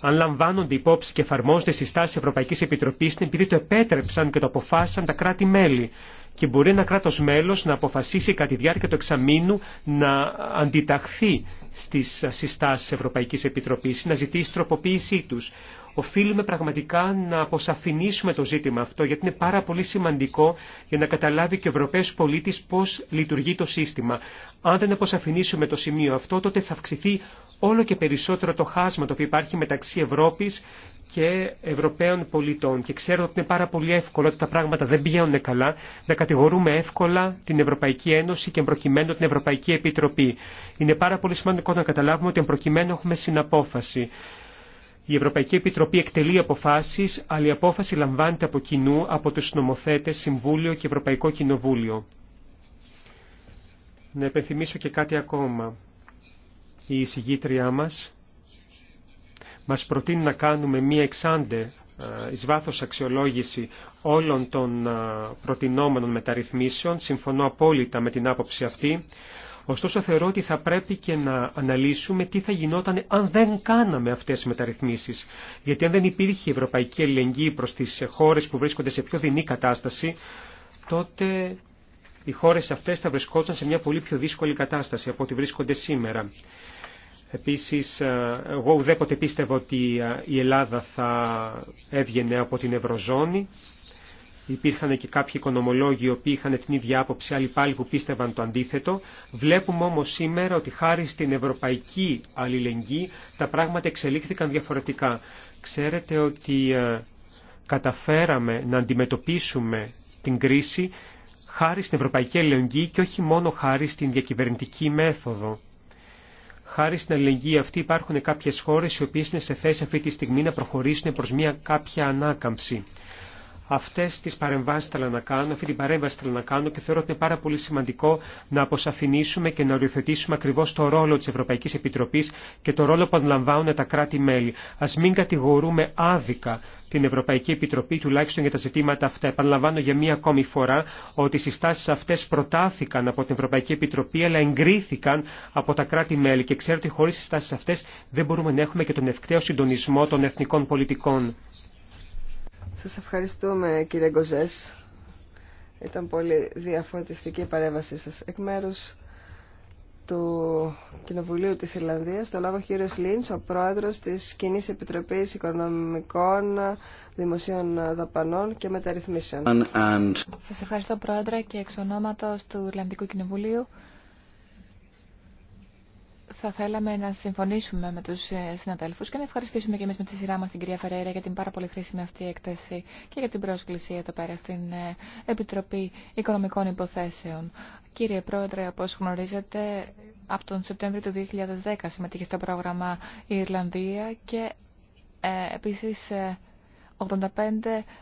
Αν λαμβάνονται υπόψη και εφαρμόζονται συστάσεις Ευρωπαϊκής Επιτροπής είναι επειδή το επέτρεψαν και το αποφάσισαν τα κράτη-μέλη και μπορεί ένα κράτος μέλος να αποφασίσει κατά τη διάρκεια του εξαμήνου να αντιταχθεί στις συστάσεις Ευρωπαϊκής Επιτροπής, να ζητήσει τροποποίησή τους οφείλουμε πραγματικά να αποσαφηνίσουμε το ζήτημα αυτό, γιατί είναι πάρα πολύ σημαντικό για να καταλάβει και ο Ευρωπαίος πολίτης πώς λειτουργεί το σύστημα. Αν δεν αποσαφηνίσουμε το σημείο αυτό, τότε θα αυξηθεί όλο και περισσότερο το χάσμα το οποίο υπάρχει μεταξύ Ευρώπης και Ευρωπαίων πολιτών. Και ξέρω ότι είναι πάρα πολύ εύκολο ότι τα πράγματα δεν πηγαίνουν καλά να κατηγορούμε εύκολα την Ευρωπαϊκή Ένωση και προκειμένου την Ευρωπαϊκή Επιτροπή. Είναι πάρα πολύ σημαντικό να καταλάβουμε ότι προκειμένου έχουμε συναπόφαση. Η Ευρωπαϊκή Επιτροπή εκτελεί αποφάσεις, αλλά η απόφαση λαμβάνεται από κοινού από του νομοθέτες Συμβούλιο και Ευρωπαϊκό Κοινοβούλιο. Να επενθυμίσω και κάτι ακόμα. Η εισηγήτριά μας μας προτείνει να κάνουμε μία εξάντε εις βάθος αξιολόγηση όλων των προτινόμενων μεταρρυθμίσεων. Συμφωνώ απόλυτα με την άποψη αυτή. Ωστόσο θεωρώ ότι θα πρέπει και να αναλύσουμε τι θα γινόταν αν δεν κάναμε αυτές τις μεταρρυθμίσεις. Γιατί αν δεν υπήρχε ευρωπαϊκή ελληνική προς τις χώρες που βρίσκονται σε πιο δεινή κατάσταση, τότε οι χώρες αυτές θα βρισκόταν σε μια πολύ πιο δύσκολη κατάσταση από ό,τι βρίσκονται σήμερα. Επίσης, εγώ ουδέποτε πίστευα ότι η Ελλάδα θα έβγαινε από την Ευρωζώνη. Υπήρχαν και κάποιοι οικονομολόγοι οι οποίοι είχαν την ίδια άποψη, άλλοι πάλι που πίστευαν το αντίθετο. Βλέπουμε όμως σήμερα ότι χάρη στην ευρωπαϊκή αλληλεγγύη τα πράγματα εξελίχθηκαν διαφορετικά. Ξέρετε ότι ε, καταφέραμε να αντιμετωπίσουμε την κρίση χάρη στην ευρωπαϊκή αλληλεγγύη και όχι μόνο χάρη στην διακυβερνητική μέθοδο. Χάρη στην αλληλεγγύη αυτή υπάρχουν κάποιες χώρε οι οποίε είναι σε θέση αυτή τη στιγμή να προχωρήσουν προ μια κάποια ανάκαμψη. Αυτές τις παρεμβάσεις θέλω να κάνω, αυτή την παρέμβαση θέλω να κάνω και θεωρώ ότι είναι πάρα πολύ σημαντικό να αποσαφηνίσουμε και να οριοθετήσουμε ακριβώς το ρόλο της Ευρωπαϊκής Επιτροπής και το ρόλο που αναλαμβάνουν τα κράτη-μέλη. Ας μην κατηγορούμε άδικα την Ευρωπαϊκή Επιτροπή, τουλάχιστον για τα ζητήματα αυτά. Επαναλαμβάνω για μία ακόμη φορά ότι οι συστάσει αυτέ προτάθηκαν από την Ευρωπαϊκή Επιτροπή, αλλά εγκρίθηκαν από τα κράτη-μέλη. Και ξέρω ότι χωρί τι συστάσει αυτέ δεν μπορούμε να έχουμε και τον ευκταίο συντονισμό των εθνικών πολιτικών. Σας ευχαριστούμε κύριε Γκοζές. Ήταν πολύ διαφωτιστική η παρέμβασή σας. Εκ μέρους του Κοινοβουλίου της Ιρλανδίας, το λόγο κύριος Λίντς, ο πρόεδρος της κοινή Επιτροπής Οικονομικών Δημοσίων Δαπανών και Μεταρρυθμίσεων. And... Σας ευχαριστώ πρόεδρε και εξ ονόματος του Ιρλανδικού Κοινοβουλίου θα θέλαμε να συμφωνήσουμε με τους ε, συναδέλφους και να ευχαριστήσουμε και εμείς με τη σειρά μας την κυρία Φεραίρα για την πάρα πολύ χρήσιμη αυτή η έκθεση και για την πρόσκληση εδώ πέρα στην ε, Επιτροπή Οικονομικών Υποθέσεων. Κύριε Πρόεδρε, όπως γνωρίζετε, από τον Σεπτέμβριο του 2010 συμμετείχε στο πρόγραμμα η Ιρλανδία και ε, επίσης 85 ε,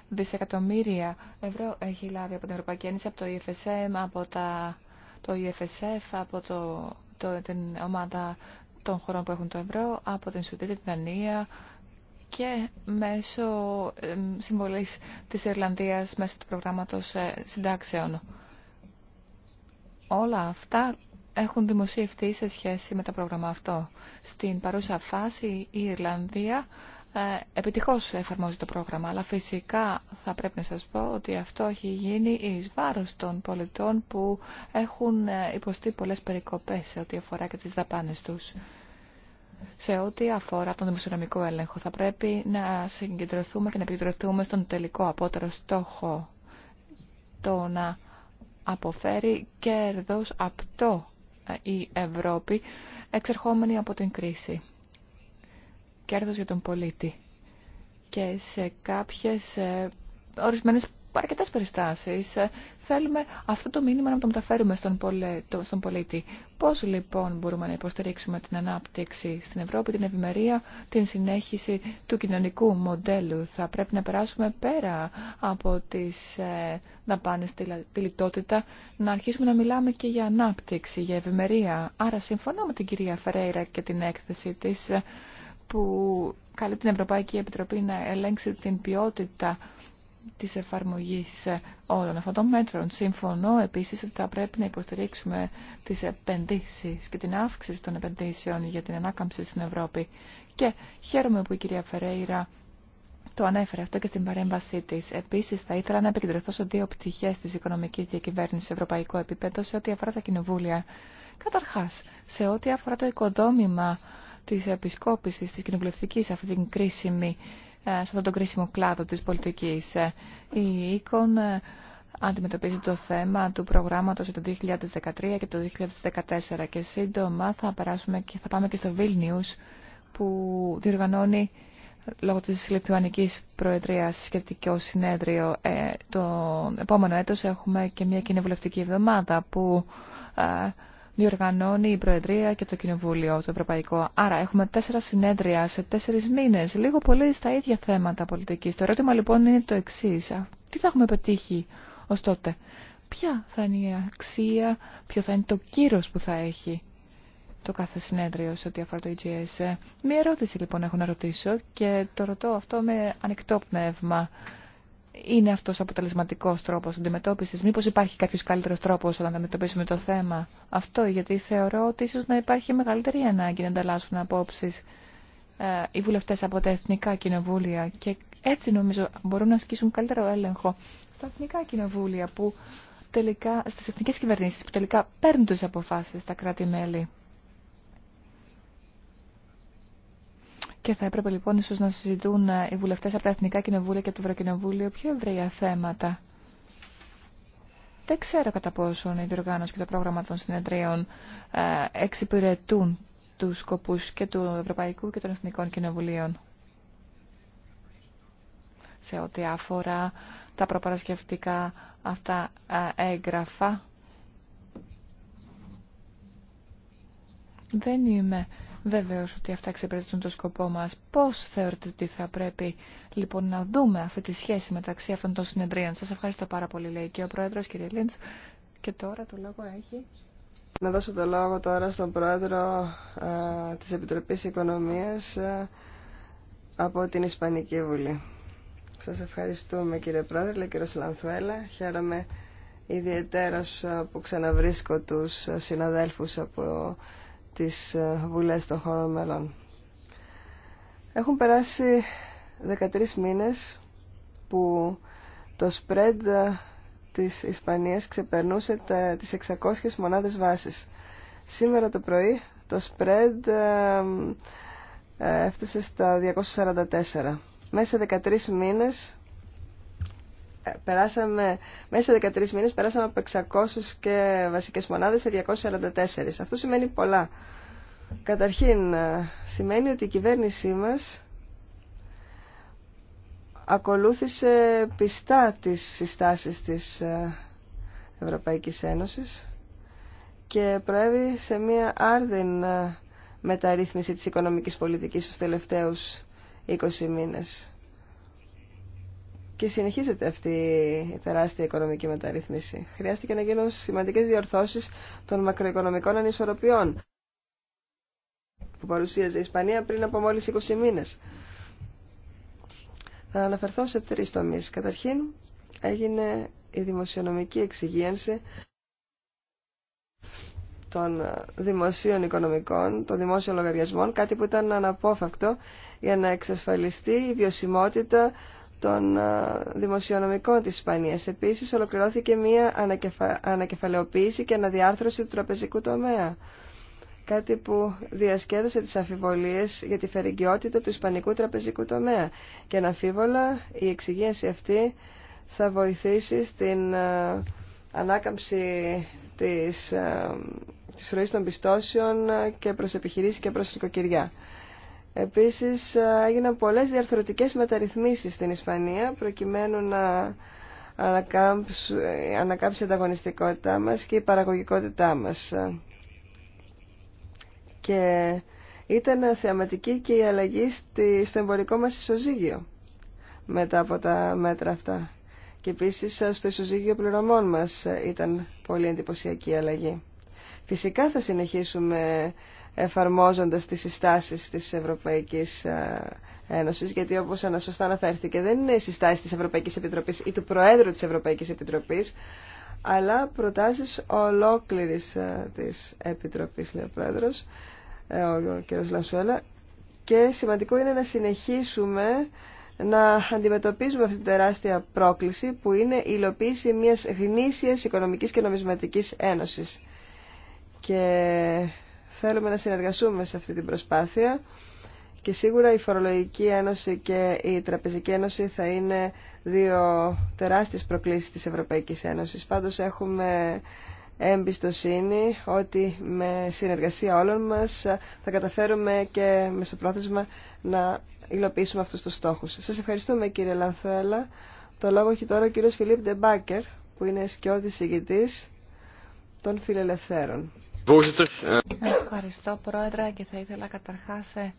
δισεκατομμύρια ευρώ έχει λάβει από την Ευρωπαϊκή Ένωση, από το EFSM, από τα, το EFSF, από το το, την ομάδα των χωρών που έχουν το ευρώ, από την Σουηδία, την Δανία και μέσω συμβολή της Ιρλανδίας μέσω του προγράμματος ε, συντάξεων. Όλα αυτά έχουν δημοσιευτεί σε σχέση με το πρόγραμμα αυτό. Στην παρούσα φάση η Ιρλανδία ε, επιτυχώς εφαρμόζει το πρόγραμμα, αλλά φυσικά θα πρέπει να σας πω ότι αυτό έχει γίνει εις βάρος των πολιτών που έχουν ε, υποστεί πολλές περικοπές σε ό,τι αφορά και τις δαπάνες τους. Σε ό,τι αφορά τον δημοσιονομικό έλεγχο, θα πρέπει να συγκεντρωθούμε και να επικεντρωθούμε στον τελικό απότερο στόχο, το να αποφέρει κέρδος απτό ε, η Ευρώπη εξερχόμενη από την κρίση κέρδος για τον πολίτη. Και σε κάποιες ε, ορισμένες αρκετές περιστάσεις ε, θέλουμε αυτό το μήνυμα να το μεταφέρουμε στον, στον πολίτη. Πώς λοιπόν μπορούμε να υποστηρίξουμε την ανάπτυξη στην Ευρώπη, την ευημερία, την συνέχιση του κοινωνικού μοντέλου. Θα πρέπει να περάσουμε πέρα από τις ε, δαπάνες, τη, λιτότητα, να αρχίσουμε να μιλάμε και για ανάπτυξη, για ευημερία. Άρα συμφωνώ με την κυρία Φερέιρα και την έκθεση της ε, που καλεί την Ευρωπαϊκή Επιτροπή να ελέγξει την ποιότητα της εφαρμογής όλων αυτών των μέτρων. Συμφωνώ επίσης ότι θα πρέπει να υποστηρίξουμε τις επενδύσεις και την αύξηση των επενδύσεων για την ανάκαμψη στην Ευρώπη. Και χαίρομαι που η κυρία Φερέιρα το ανέφερε αυτό και στην παρέμβασή τη. Επίση, θα ήθελα να επικεντρωθώ σε δύο πτυχέ τη οικονομική διακυβέρνηση σε ευρωπαϊκό επίπεδο σε ό,τι αφορά τα κοινοβούλια. Καταρχά, σε ό,τι αφορά το οικοδόμημα Τη επισκόπησης της κοινοβουλευτικής αυτή την ε, σε αυτόν τον κρίσιμο κλάδο της πολιτικής. Ε, η ΕΚΟΝ αντιμετωπίζει το θέμα του προγράμματος για το 2013 και το 2014 και σύντομα θα, περάσουμε και θα πάμε και στο Vilnius που διοργανώνει λόγω της Λιθουανικής Προεδρίας σχετικό συνέδριο ε, το επόμενο έτος έχουμε και μια κοινοβουλευτική εβδομάδα που διοργανώνει η Προεδρία και το Κοινοβούλιο, το Ευρωπαϊκό. Άρα έχουμε τέσσερα συνέδρια σε τέσσερι μήνε. λίγο πολύ στα ίδια θέματα πολιτική. Το ερώτημα λοιπόν είναι το εξή. Τι θα έχουμε πετύχει ω τότε. Ποια θα είναι η αξία, ποιο θα είναι το κύρος που θα έχει το κάθε συνέδριο σε ό,τι αφορά το EGS. Μία ερώτηση λοιπόν έχω να ρωτήσω και το ρωτώ αυτό με ανοιχτό πνεύμα είναι αυτό ο αποτελεσματικό τρόπο αντιμετώπιση. Μήπω υπάρχει κάποιος καλύτερος τρόπος να αντιμετωπίσουμε το θέμα αυτό, γιατί θεωρώ ότι ίσω να υπάρχει μεγαλύτερη ανάγκη να ανταλλάσσουν απόψεις ε, οι βουλευτέ από τα εθνικά κοινοβούλια και έτσι νομίζω μπορούν να ασκήσουν καλύτερο έλεγχο στα εθνικά κοινοβούλια που τελικά, στις εθνικές κυβερνήσεις που τελικά παίρνουν τι αποφάσει στα κράτη-μέλη. Και θα έπρεπε λοιπόν ίσως να συζητούν ε, οι βουλευτές από τα Εθνικά Κοινοβούλια και από το Ευρωκοινοβούλιο πιο ευρεία θέματα. Δεν ξέρω κατά πόσον η διοργάνωση και το πρόγραμμα των συνεδρίων ε, εξυπηρετούν τους σκοπούς και του Ευρωπαϊκού και των Εθνικών Κοινοβουλίων σε ό,τι αφορά τα προπαρασκευτικά αυτά ε, έγγραφα. Δεν είμαι βεβαίως ότι αυτά εξυπηρετούν το σκοπό μας. Πώς θεωρείτε ότι θα πρέπει λοιπόν να δούμε αυτή τη σχέση μεταξύ αυτών των συνεδρίων. Σας ευχαριστώ πάρα πολύ λέει και ο Πρόεδρος κύριε Λίντς. Και τώρα το λόγο έχει... Να δώσω το λόγο τώρα στον Πρόεδρο ε, της Επιτροπής Οικονομίας ε, από την Ισπανική Βουλή. Σας ευχαριστούμε κύριε Πρόεδρε, κύριο Σλανθουέλα. Χαίρομαι ιδιαίτερος ε, που ξαναβρίσκω τους συναδέλφους από τις ε, βουλές των χωρών μελών. Έχουν περάσει 13 μήνες που το spread ε, της Ισπανίας ξεπερνούσε τα, τις 600 μονάδες βάσης. Σήμερα το πρωί το spread ε, έφτασε στα 244. Μέσα 13 μήνες περάσαμε, μέσα σε 13 μήνες περάσαμε από 600 και βασικές μονάδες σε 244. Αυτό σημαίνει πολλά. Καταρχήν, ε, σημαίνει ότι η κυβέρνησή μας ακολούθησε πιστά τις συστάσεις της ε, Ευρωπαϊκής Ένωσης και προέβη σε μία άρδιν ε, μεταρρύθμιση της οικονομικής πολιτικής στους τελευταίους 20 μήνες. Και συνεχίζεται αυτή η τεράστια οικονομική μεταρρύθμιση. Χρειάστηκε να γίνουν σημαντικές διορθώσεις των μακροοικονομικών ανισορροπιών που παρουσίαζε η Ισπανία πριν από μόλις 20 μήνες. Θα αναφερθώ σε τρεις τομείς. Καταρχήν έγινε η δημοσιονομική εξυγίανση των δημοσίων οικονομικών, των δημόσιων λογαριασμών, κάτι που ήταν αναπόφευκτο για να εξασφαλιστεί η βιωσιμότητα των δημοσιονομικών της Ισπανίας. Επίσης, ολοκληρώθηκε μία ανακεφα... ανακεφαλαιοποίηση και αναδιάρθρωση του τραπεζικού τομέα. Κάτι που διασκέδασε τις αφιβολίες για τη φερικιότητα του ισπανικού τραπεζικού τομέα. Και αναφίβολα, η εξυγίανση αυτή θα βοηθήσει στην ανάκαμψη της, της ροής των πιστώσεων και προς επιχειρήσεις και προς νοικοκυριά. Επίσης ε, έγιναν πολλές διαρθρωτικές μεταρρυθμίσεις στην Ισπανία προκειμένου να ε, ανακάμψει η ανταγωνιστικότητά μας και η παραγωγικότητά μας. Και ήταν θεαματική και η αλλαγή στο εμπορικό μας ισοζύγιο μετά από τα μέτρα αυτά. Και επίσης ε, στο ισοζύγιο πληρωμών μας ήταν πολύ εντυπωσιακή η αλλαγή. Φυσικά θα συνεχίσουμε εφαρμόζοντας τις συστάσεις της Ευρωπαϊκής ε, Ένωσης, γιατί όπως ανασωστά αναφέρθηκε δεν είναι οι συστάσεις της Ευρωπαϊκής Επιτροπής ή του Προέδρου της Ευρωπαϊκής Επιτροπής, αλλά προτάσεις ολόκληρης ε, της Επιτροπής, λέει ο Πρόεδρος, ε, ο κ. Λασουέλα. Και σημαντικό είναι να συνεχίσουμε να αντιμετωπίζουμε αυτή την τεράστια πρόκληση που είναι η υλοποίηση μιας γνήσιας οικονομικής και νομισματικής ένωσης. Και θέλουμε να συνεργαστούμε σε αυτή την προσπάθεια και σίγουρα η Φορολογική Ένωση και η Τραπεζική Ένωση θα είναι δύο τεράστιες προκλήσεις της Ευρωπαϊκής Ένωσης. Πάντως έχουμε εμπιστοσύνη ότι με συνεργασία όλων μας θα καταφέρουμε και πρόθεσμα να υλοποιήσουμε αυτούς τους στόχους. Σας ευχαριστούμε κύριε Λανθουέλα. Το λόγο έχει τώρα ο κύριος Φιλίπ Ντεμπάκερ που είναι σκιώδης ηγητής των Φιλελευθέρων. Eh, Ευχαριστώ Πρόεδρε και θα ήθελα καταρχάς ε,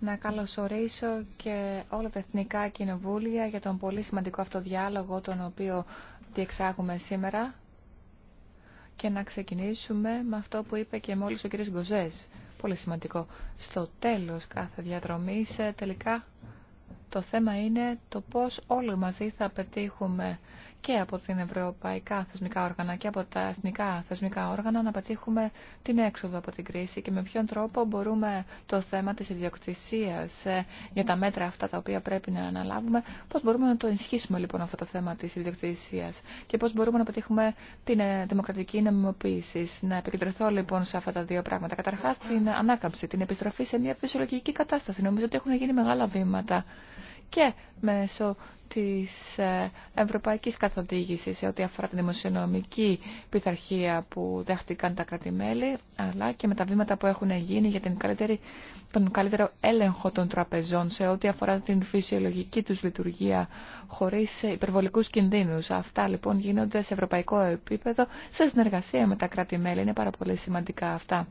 να καλωσορίσω και όλα τα εθνικά κοινοβούλια για τον πολύ σημαντικό αυτό διάλογο τον οποίο διεξάγουμε σήμερα και να ξεκινήσουμε με αυτό που είπε και μόλις ο κ. Γκοζές. Πολύ σημαντικό. Στο τέλος κάθε διαδρομής ε, τελικά το θέμα είναι το πώς όλοι μαζί θα πετύχουμε και από την ευρωπαϊκά θεσμικά όργανα και από τα εθνικά θεσμικά όργανα να πετύχουμε την έξοδο από την κρίση και με ποιον τρόπο μπορούμε το θέμα της ιδιοκτησία ε, για τα μέτρα αυτά τα οποία πρέπει να αναλάβουμε, πώς μπορούμε να το ενισχύσουμε λοιπόν αυτό το θέμα της ιδιοκτησίας και πώς μπορούμε να πετύχουμε την ε, δημοκρατική νομιμοποίηση. Να επικεντρωθώ λοιπόν σε αυτά τα δύο πράγματα. Καταρχάς την ανάκαμψη, την επιστροφή σε μια φυσιολογική κατάσταση. Νομίζω ότι έχουν γίνει μεγάλα βήματα και μέσω της ε, ευρωπαϊκής καθοδήγησης σε ό,τι αφορά την δημοσιονομική πειθαρχία που δέχτηκαν τα κρατημέλη, αλλά και με τα βήματα που έχουν γίνει για τον καλύτερο έλεγχο των τραπεζών σε ό,τι αφορά την φυσιολογική τους λειτουργία χωρίς υπερβολικούς κινδύνους. Αυτά λοιπόν γίνονται σε ευρωπαϊκό επίπεδο σε συνεργασία με τα κρατημέλη. Είναι πάρα πολύ σημαντικά αυτά.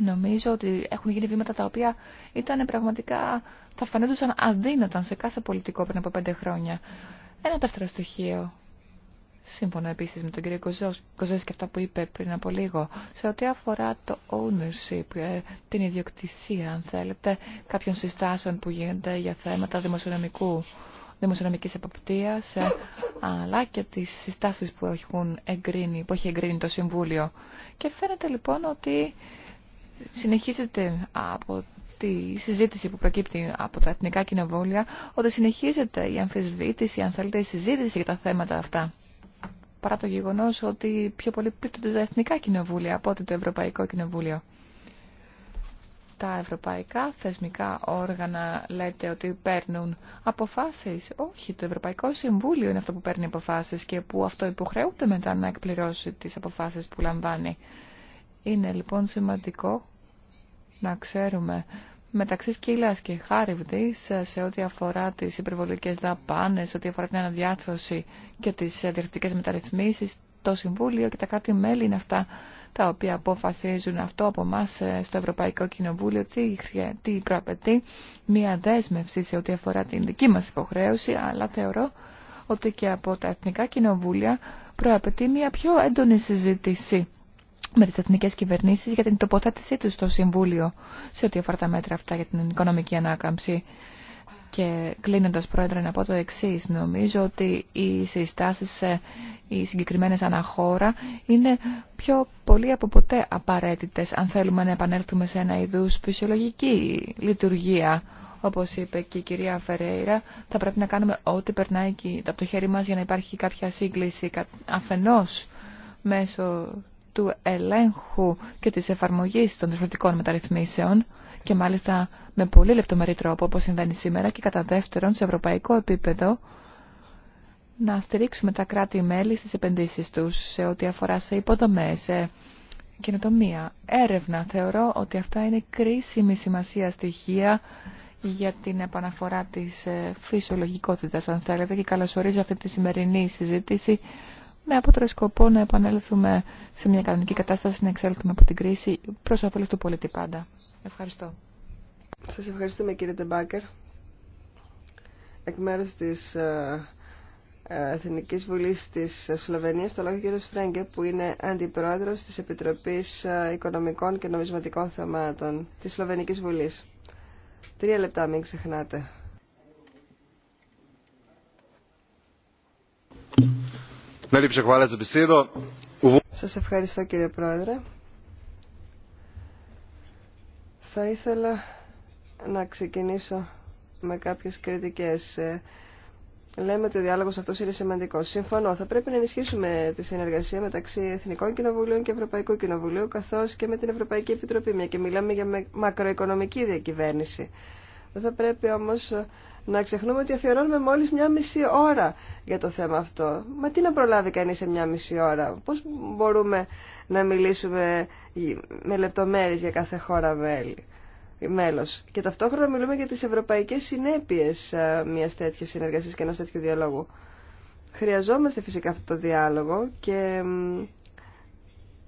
Νομίζω ότι έχουν γίνει βήματα τα οποία ήταν πραγματικά, θα φανέντουσαν αδύνατα σε κάθε πολιτικό πριν από πέντε χρόνια. Ένα δεύτερο στοιχείο, σύμφωνα επίσης με τον κύριο Κοζές και αυτά που είπε πριν από λίγο, σε ό,τι αφορά το ownership, ε, την ιδιοκτησία, αν θέλετε, κάποιων συστάσεων που γίνεται για θέματα δημοσιονομικού Δημοσιονομική εποπτεία, ε, αλλά και τι συστάσεις που, που έχει εγκρίνει το Συμβούλιο. Και φαίνεται λοιπόν ότι συνεχίζεται από τη συζήτηση που προκύπτει από τα εθνικά κοινοβούλια, ότι συνεχίζεται η αμφισβήτηση, αν θέλετε, η συζήτηση για τα θέματα αυτά. Παρά το γεγονός ότι πιο πολύ πλήττονται τα εθνικά κοινοβούλια από ότι το Ευρωπαϊκό Κοινοβούλιο τα ευρωπαϊκά θεσμικά όργανα λέτε ότι παίρνουν αποφάσεις. Όχι, το Ευρωπαϊκό Συμβούλιο είναι αυτό που παίρνει αποφάσεις και που αυτό υποχρεούται μετά να εκπληρώσει τις αποφάσεις που λαμβάνει. Είναι λοιπόν σημαντικό να ξέρουμε μεταξύ σκύλας και χάριβδης σε ό,τι αφορά τις υπερβολικές δαπάνες, σε ό,τι αφορά την αναδιάθρωση και τις διευθυντικές μεταρρυθμίσεις, το Συμβούλιο και τα κράτη-μέλη είναι αυτά τα οποία αποφασίζουν αυτό από εμά ε, στο Ευρωπαϊκό Κοινοβούλιο, τι, τι προαπαιτεί μια δέσμευση σε ό,τι αφορά την δική μας υποχρέωση, αλλά θεωρώ ότι και από τα Εθνικά Κοινοβούλια προαπαιτεί μια πιο έντονη συζήτηση με τις εθνικές κυβερνήσεις για την τοποθέτησή τους στο Συμβούλιο σε ό,τι αφορά τα μέτρα αυτά για την οικονομική ανάκαμψη. Και κλείνοντας πρόεδρε να πω το εξή. Νομίζω ότι οι συστάσεις, οι συγκεκριμένες αναχώρα είναι πιο πολύ από ποτέ απαραίτητες αν θέλουμε να επανέλθουμε σε ένα είδους φυσιολογική λειτουργία. Όπως είπε και η κυρία Φερέιρα, θα πρέπει να κάνουμε ό,τι περνάει από το χέρι μας για να υπάρχει κάποια σύγκληση αφενός μέσω του ελέγχου και της εφαρμογής των διαφορετικών μεταρρυθμίσεων και μάλιστα με πολύ λεπτομερή τρόπο όπως συμβαίνει σήμερα και κατά δεύτερον σε ευρωπαϊκό επίπεδο να στηρίξουμε τα κράτη-μέλη στις επενδύσεις τους σε ό,τι αφορά σε υποδομές, σε καινοτομία, έρευνα. Θεωρώ ότι αυτά είναι κρίσιμη σημασία στοιχεία για την επαναφορά της ε, φυσιολογικότητας, αν θέλετε, και καλωσορίζω αυτή τη σημερινή συζήτηση με απότερο σκοπό να επανέλθουμε σε μια κανονική κατάσταση, να εξέλθουμε από την κρίση προς όφελος του πολίτη πάντα. Ευχαριστώ. Σας ευχαριστούμε κύριε Τεμπάκερ. Εκ μέρους της ε, ε, Εθνικής Βουλής της Σλοβενίας, το λόγο κύριο Φρέγκε, που είναι αντιπρόεδρος της Επιτροπής ε, Οικονομικών και Νομισματικών Θεμάτων της Σλοβενικής Βουλής. Τρία λεπτά, μην ξεχνάτε. Σας ευχαριστώ κύριε Πρόεδρε. Θα ήθελα να ξεκινήσω με κάποιες κριτικές. Ε, λέμε ότι ο διάλογο αυτό είναι σημαντικός. Συμφωνώ. Θα πρέπει να ενισχύσουμε τη συνεργασία μεταξύ Εθνικών Κοινοβουλίων και Ευρωπαϊκού Κοινοβουλίου, καθώς και με την Ευρωπαϊκή Επιτροπή, μια και μιλάμε για μακροοικονομική διακυβέρνηση. Δεν θα πρέπει όμως να ξεχνούμε ότι αφιερώνουμε μόλις μια μισή ώρα για το θέμα αυτό. Μα τι να προλάβει κανείς σε μια μισή ώρα. Πώς μπορούμε να μιλήσουμε με λεπτομέρειες για κάθε χώρα μέλη. Μέλος. Και ταυτόχρονα μιλούμε για τις ευρωπαϊκές συνέπειες ε, μιας τέτοιας συνεργασίας και ενός τέτοιου διαλόγου. Χρειαζόμαστε φυσικά αυτό το διάλογο και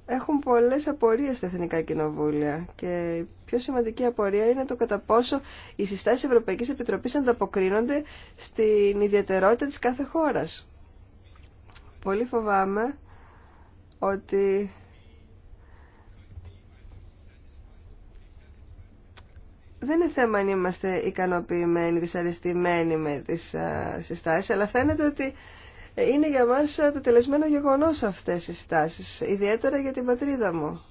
έχουν πολλές απορίες στα εθνικά κοινοβούλια και η πιο σημαντική απορία είναι το κατά πόσο οι συστάσεις Ευρωπαϊκής Επιτροπής ανταποκρίνονται στην ιδιαιτερότητα της κάθε χώρας. Πολύ φοβάμαι ότι δεν είναι θέμα αν είμαστε ικανοποιημένοι, δυσαρεστημένοι με τις ε, συστάσεις, αλλά φαίνεται ότι είναι για μας το τελεσμένο γεγονός αυτές οι συστάσεις, ιδιαίτερα για την πατρίδα μου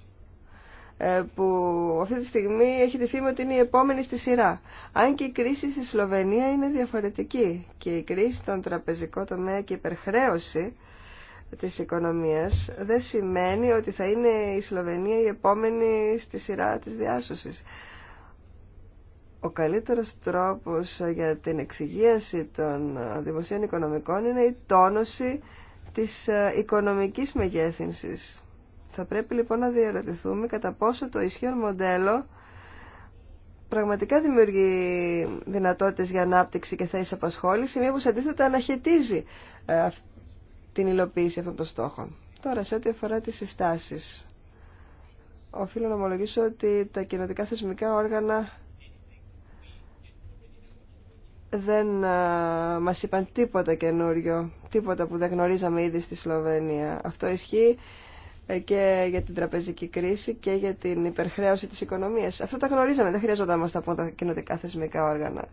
ε, που αυτή τη στιγμή έχει τη φήμη ότι είναι η επόμενη στη σειρά. Αν και η κρίση στη Σλοβενία είναι διαφορετική και η κρίση στον τραπεζικό τομέα και η υπερχρέωση της οικονομίας δεν σημαίνει ότι θα είναι η Σλοβενία η επόμενη στη σειρά της διάσωσης ο καλύτερος τρόπος ε, για την εξυγίαση των ε, δημοσίων οικονομικών είναι η τόνωση της ε, οικονομικής μεγέθυνσης. Θα πρέπει λοιπόν να διαρωτηθούμε κατά πόσο το ισχύον μοντέλο πραγματικά δημιουργεί δυνατότητες για ανάπτυξη και θέσεις απασχόληση, μήπως αντίθετα αναχαιτίζει την υλοποίηση αυτών των στόχων. Τώρα, σε ό,τι αφορά τις συστάσεις, οφείλω να ομολογήσω ότι τα κοινοτικά θεσμικά όργανα δεν ε, μας είπαν τίποτα καινούριο, τίποτα που δεν γνωρίζαμε ήδη στη Σλοβενία. Αυτό ισχύει ε, και για την τραπεζική κρίση και για την υπερχρέωση της οικονομίας. Αυτά τα γνωρίζαμε, δεν χρειαζόταν μας τα από τα θεσμικά όργανα.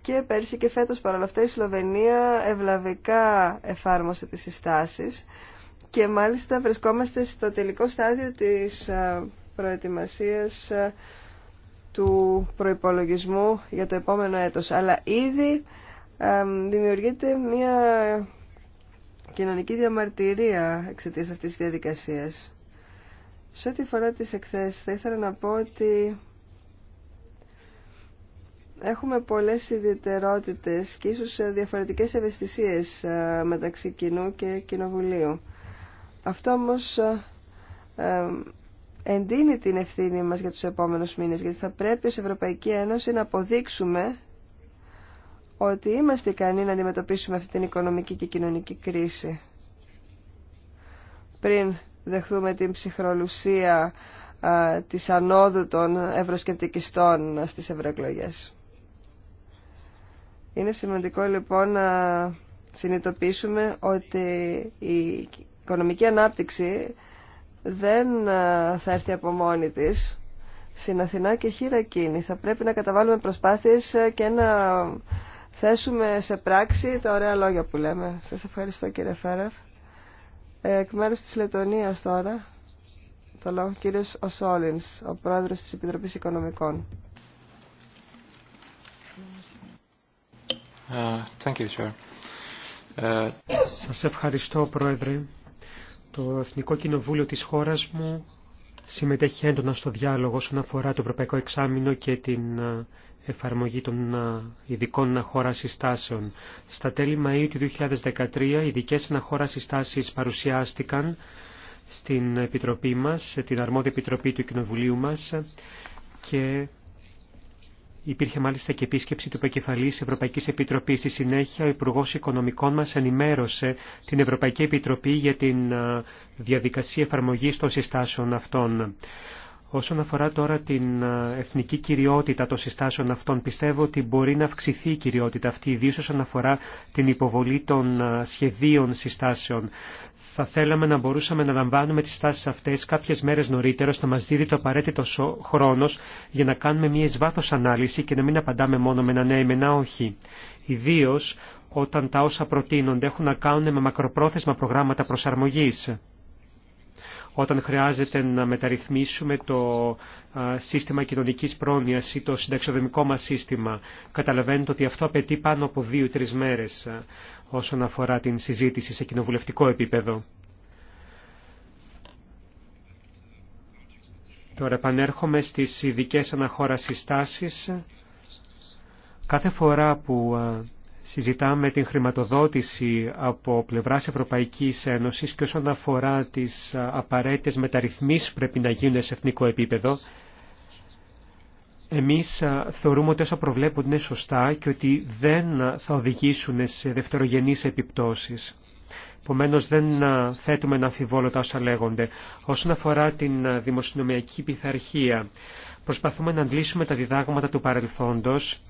Και πέρσι και φέτος παρόλα αυτά η Σλοβενία ευλαβικά εφάρμοσε τις συστάσεις και μάλιστα βρισκόμαστε στο τελικό στάδιο της ε, προετοιμασίας του προϋπολογισμού για το επόμενο έτος. Αλλά ήδη δημιουργείται μια κοινωνική διαμαρτυρία εξαιτίας αυτής της διαδικασίας. Σε ό,τι αφορά τις εκθέσεις, θα ήθελα να πω ότι έχουμε πολλές ιδιαιτερότητες και ίσως διαφορετικές ευαισθησίες ε, μεταξύ κοινού και κοινοβουλίου. Αυτό όμως ε, εντείνει την ευθύνη μας για τους επόμενους μήνες, γιατί θα πρέπει ως Ευρωπαϊκή Ένωση να αποδείξουμε ότι είμαστε ικανοί να αντιμετωπίσουμε αυτή την οικονομική και κοινωνική κρίση. Πριν δεχθούμε την ψυχρολουσία α, της ανόδου των ευρωσκεπτικιστών στις ευρωεκλογέ. Είναι σημαντικό λοιπόν να συνειδητοποιήσουμε ότι η οικονομική ανάπτυξη δεν ε, θα έρθει από μόνη της. Στην Αθηνά και χειρακίνη. Θα πρέπει να καταβάλουμε προσπάθειες ε, και να θέσουμε σε πράξη τα ωραία λόγια που λέμε. Σας ευχαριστώ κύριε Φέρεφ. Εκ μέρους της Λετωνίας τώρα, το λόγο κύριος Οσόλινς, ο πρόεδρος της Επιτροπής Οικονομικών. Uh, thank you, sir. Uh, Σας ευχαριστώ πρόεδρε. Το Εθνικό Κοινοβούλιο της χώρας μου συμμετέχει έντονα στο διάλογο όσον αφορά το Ευρωπαϊκό Εξάμεινο και την ε, εφαρμογή των ε, ειδικών αναχώρα συστάσεων. Στα τέλη Μαΐου του 2013 ειδικέ αναχώρα συστάσεις παρουσιάστηκαν στην Επιτροπή μας, την αρμόδια Επιτροπή του Κοινοβουλίου μας και Υπήρχε μάλιστα και επίσκεψη του Πεκεφαλή Ευρωπαϊκή Επιτροπή. Στη συνέχεια, ο Υπουργό Οικονομικών μα ενημέρωσε την Ευρωπαϊκή Επιτροπή για την διαδικασία εφαρμογή των συστάσεων αυτών. Όσον αφορά τώρα την ε, εθνική κυριότητα των συστάσεων αυτών, πιστεύω ότι μπορεί να αυξηθεί η κυριότητα αυτή, ιδίως όσον αφορά την υποβολή των ε, σχεδίων συστάσεων. Θα θέλαμε να μπορούσαμε να λαμβάνουμε τις στάσεις αυτές κάποιες μέρες νωρίτερα, ώστε να μας δίδει το απαραίτητο χρόνος για να κάνουμε μια εισβάθος ανάλυση και να μην απαντάμε μόνο με ένα ναι ή με ένα όχι. Ιδίως όταν τα όσα προτείνονται έχουν να κάνουν με μακροπρόθεσμα προγράμματα προσαρμογής όταν χρειάζεται να μεταρρυθμίσουμε το σύστημα κοινωνική πρόνοιας ή το συνταξιοδομικό μα σύστημα. Καταλαβαίνετε ότι αυτό απαιτεί πάνω από δύο-τρει μέρε όσον αφορά την συζήτηση σε κοινοβουλευτικό επίπεδο. Τώρα επανέρχομαι στις ειδικέ αναχώρα συστάσεις. Κάθε φορά που συζητάμε την χρηματοδότηση από πλευράς Ευρωπαϊκής Ένωσης και όσον αφορά τις απαραίτητες μεταρρυθμίσεις που πρέπει να γίνουν σε εθνικό επίπεδο, εμείς θεωρούμε ότι όσα προβλέπουν είναι σωστά και ότι δεν θα οδηγήσουν σε δευτερογενείς επιπτώσεις. Επομένω δεν θέτουμε να αμφιβόλω τα όσα λέγονται. Όσον αφορά την δημοσιονομιακή πειθαρχία, προσπαθούμε να αντλήσουμε τα διδάγματα του παρελθόντος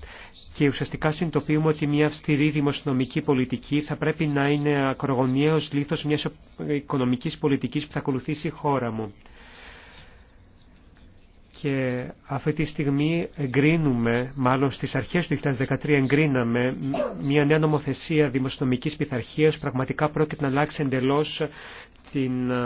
και ουσιαστικά συνειδητοποιούμε ότι μια αυστηρή δημοσιονομική πολιτική θα πρέπει να είναι ακρογωνιαίος λίθος μιας οικονομικής πολιτικής που θα ακολουθήσει η χώρα μου. Και αυτή τη στιγμή εγκρίνουμε, μάλλον στις αρχές του 2013 εγκρίναμε μια νέα νομοθεσία δημοσιονομικής πειθαρχίας, πραγματικά πρόκειται να αλλάξει εντελώς την ε,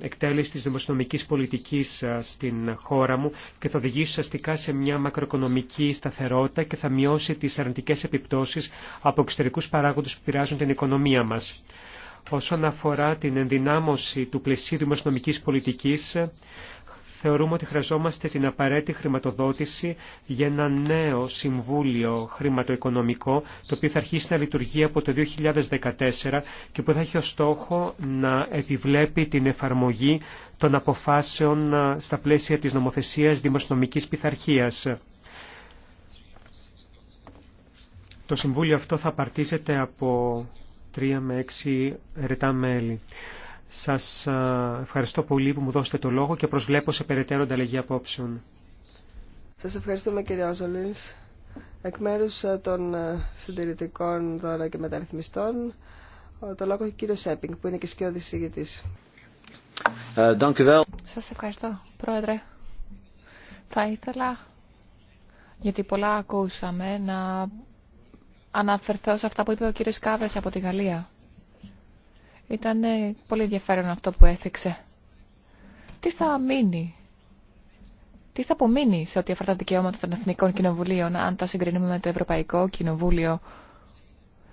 εκτέλεση της δημοσιονομικής πολιτικής ε, στην χώρα μου και θα οδηγήσει ουσιαστικά σε μια μακροοικονομική σταθερότητα και θα μειώσει τις αρνητικές επιπτώσεις από εξωτερικούς παράγοντες που πειράζουν την οικονομία μας. Όσον αφορά την ενδυνάμωση του πλαισίου δημοσιονομικής πολιτικής, θεωρούμε ότι χρειαζόμαστε την απαραίτητη χρηματοδότηση για ένα νέο συμβούλιο χρηματοοικονομικό, το οποίο θα αρχίσει να λειτουργεί από το 2014 και που θα έχει ως στόχο να επιβλέπει την εφαρμογή των αποφάσεων στα πλαίσια της νομοθεσίας δημοσιονομικής πειθαρχίας. Το συμβούλιο αυτό θα απαρτίζεται από 3 με 6 ρετά μέλη. Σας ευχαριστώ πολύ που μου δώσετε το λόγο και προσβλέπω σε περαιτέρω ανταλλαγή απόψεων. Σας ευχαριστούμε κύριε Όζολης. Εκ μέρους των συντηρητικών δώρα και μεταρρυθμιστών, το λόγο έχει ο Σέπινγκ που είναι και σκιώδης ηγητής. Ε, Σας ευχαριστώ πρόεδρε. Θα ήθελα, γιατί πολλά ακούσαμε, να αναφερθώ σε αυτά που είπε ο κύριος Κάβες από τη Γαλλία. Ήταν πολύ ενδιαφέρον αυτό που έθιξε. Τι θα μείνει, τι θα απομείνει σε ό,τι αφορά τα δικαιώματα των Εθνικών Κοινοβουλίων, αν τα συγκρίνουμε με το Ευρωπαϊκό Κοινοβούλιο,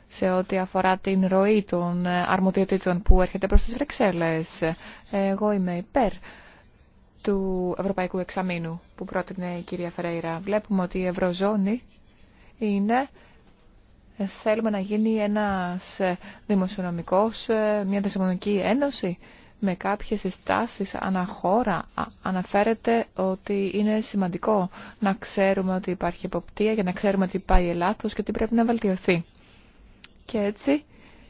σε ό,τι αφορά την ροή των αρμοδιοτήτων που έρχεται προς τις Βρυξέλλες. Εγώ είμαι υπέρ του Ευρωπαϊκού Εξαμήνου που πρότεινε η κυρία Φερέιρα. Βλέπουμε ότι η Ευρωζώνη είναι ε, θέλουμε να γίνει ένας ε, δημοσιονομικός, ε, μια δημοσιονομική ένωση με κάποιες συστάσεις αναχώρα. Αναφέρεται ότι είναι σημαντικό να ξέρουμε ότι υπάρχει εποπτεία για να ξέρουμε ότι πάει λάθος και ότι πρέπει να βελτιωθεί. Και έτσι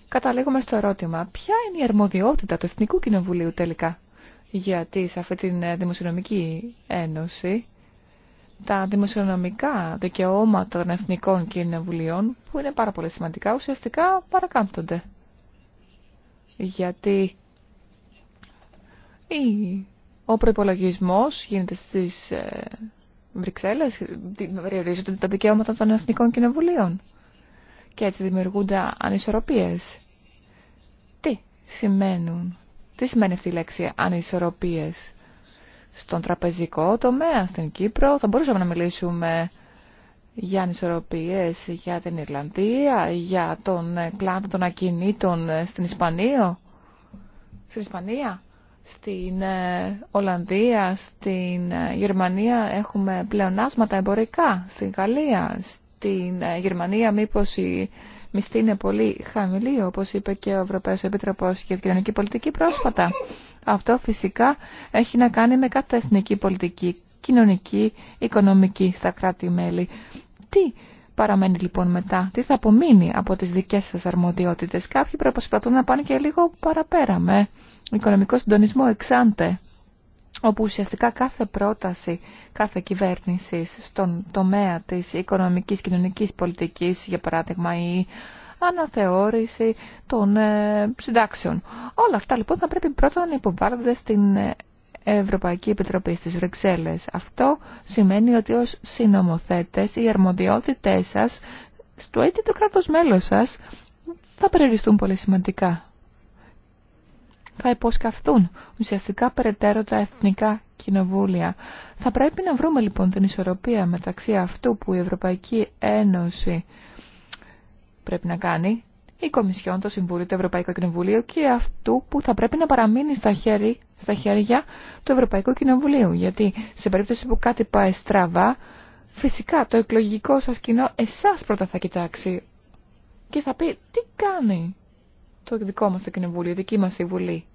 καταλήγουμε στο ερώτημα ποια είναι η αρμοδιότητα του Εθνικού Κοινοβουλίου τελικά γιατί σε αυτή τη δημοσιονομική ένωση τα δημοσιονομικά δικαιώματα των εθνικών κοινοβουλίων, που είναι πάρα πολύ σημαντικά, ουσιαστικά παρακάμπτονται. Γιατί ο προπολογισμό γίνεται στις ε, Βρυξέλλες, περιορίζονται τα δικαιώματα των εθνικών κοινοβουλίων. Και έτσι δημιουργούνται ανισορροπίες. Τι σημαίνουν, τι σημαίνει αυτή η λέξη ανισορροπίες στον τραπεζικό τομέα στην Κύπρο. Θα μπορούσαμε να μιλήσουμε για ανισορροπίες για την Ιρλανδία, για τον κλάδο των ακινήτων στην Ισπανία, στην Ισπανία, στην ε, Ολλανδία, στην ε, Γερμανία έχουμε πλεονάσματα εμπορικά, στην Γαλλία, στην ε, Γερμανία μήπως η μισθή είναι πολύ χαμηλή, όπως είπε και ο Ευρωπαίος Επιτροπός για την Κοινωνική Πολιτική πρόσφατα. Αυτό φυσικά έχει να κάνει με κάθε εθνική πολιτική, κοινωνική, οικονομική στα κράτη-μέλη. Τι παραμένει λοιπόν μετά, τι θα απομείνει από τις δικές σας αρμοδιότητες. Κάποιοι προσπαθούν να πάνε και λίγο παραπέρα με οικονομικό συντονισμό εξάντε όπου ουσιαστικά κάθε πρόταση κάθε κυβέρνησης στον τομέα της οικονομικής κοινωνικής πολιτικής, για παράδειγμα, ή αναθεώρηση των ε, συντάξεων. Όλα αυτά λοιπόν θα πρέπει πρώτα να υποβάλλονται στην ε, Ευρωπαϊκή Επιτροπή στις Βρυξέλλες. Αυτό σημαίνει ότι ως συνομοθέτες οι αρμοδιότητές σας στο έτοιμο το κράτος μέλος σας θα περιοριστούν πολύ σημαντικά. Θα υποσκαφθούν ουσιαστικά περαιτέρω τα εθνικά κοινοβούλια. Θα πρέπει να βρούμε λοιπόν την ισορροπία μεταξύ αυτού που η Ευρωπαϊκή Ένωση πρέπει να κάνει η Κομισιόν, το Συμβούλιο, το Ευρωπαϊκό Κοινοβουλίο και αυτού που θα πρέπει να παραμείνει στα, χέρι, στα χέρια του Ευρωπαϊκού Κοινοβουλίου. Γιατί σε περίπτωση που κάτι πάει στραβά, φυσικά το εκλογικό σας κοινό εσάς πρώτα θα κοιτάξει και θα πει τι κάνει το δικό μας το Κοινοβούλιο, η δική μας η Βουλή.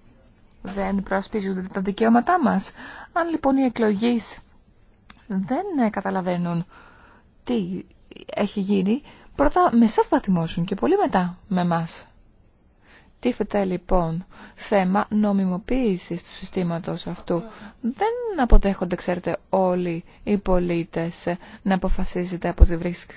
Δεν προασπίζονται τα δικαιώματά μας. Αν λοιπόν οι εκλογείς δεν ε, καταλαβαίνουν τι έχει γίνει, πρώτα με εσάς θα θυμώσουν και πολύ μετά με εμά. Τίθεται λοιπόν θέμα νομιμοποίησης του συστήματος αυτού. Δεν αποτέχονται, ξέρετε, όλοι οι πολίτες να αποφασίζεται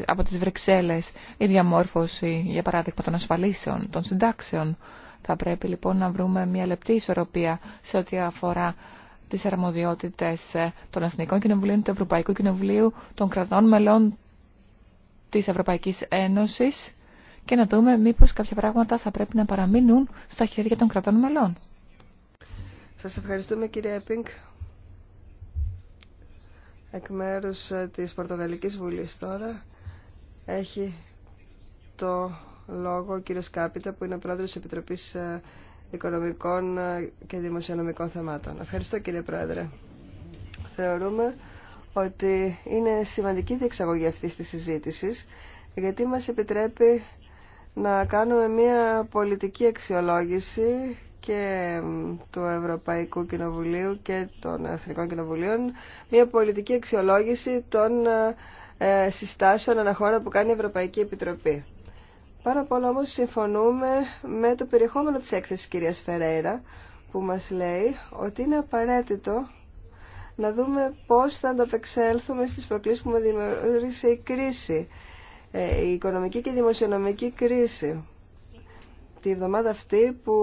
από, τις Βρυξέλλες η διαμόρφωση, για παράδειγμα, των ασφαλίσεων, των συντάξεων. Θα πρέπει λοιπόν να βρούμε μια λεπτή ισορροπία σε ό,τι αφορά τις αρμοδιότητες των Εθνικών Κοινοβουλίων, του Ευρωπαϊκού Κοινοβουλίου, των κρατών μελών, της Ευρωπαϊκής Ένωσης και να δούμε μήπως κάποια πράγματα θα πρέπει να παραμείνουν στα χέρια των κρατών μελών. Σας ευχαριστούμε κύριε Επίνγκ. Εκ μέρους ε, της Πορτογαλικής Βουλής τώρα έχει το λόγο ο κύριος Κάπιτα που είναι ο πρόεδρος της Επιτροπής ε, Οικονομικών ε, και Δημοσιονομικών Θεμάτων. Ευχαριστώ κύριε Πρόεδρε. Θεωρούμε ότι είναι σημαντική διεξαγωγή αυτής της συζήτησης γιατί μας επιτρέπει να κάνουμε μια πολιτική αξιολόγηση και του Ευρωπαϊκού Κοινοβουλίου και των Εθνικών Κοινοβουλίων μια πολιτική αξιολόγηση των ε, συστάσεων αναχώρα που κάνει η Ευρωπαϊκή Επιτροπή. Πάρα πολλά όμως συμφωνούμε με το περιεχόμενο της έκθεσης κυρίας Φερέιρα που μας λέει ότι είναι απαραίτητο να δούμε πώς θα ανταπεξέλθουμε στις προκλήσεις που μας δημιούργησε η κρίση, ε, η οικονομική και η δημοσιονομική κρίση. Τη εβδομάδα αυτή που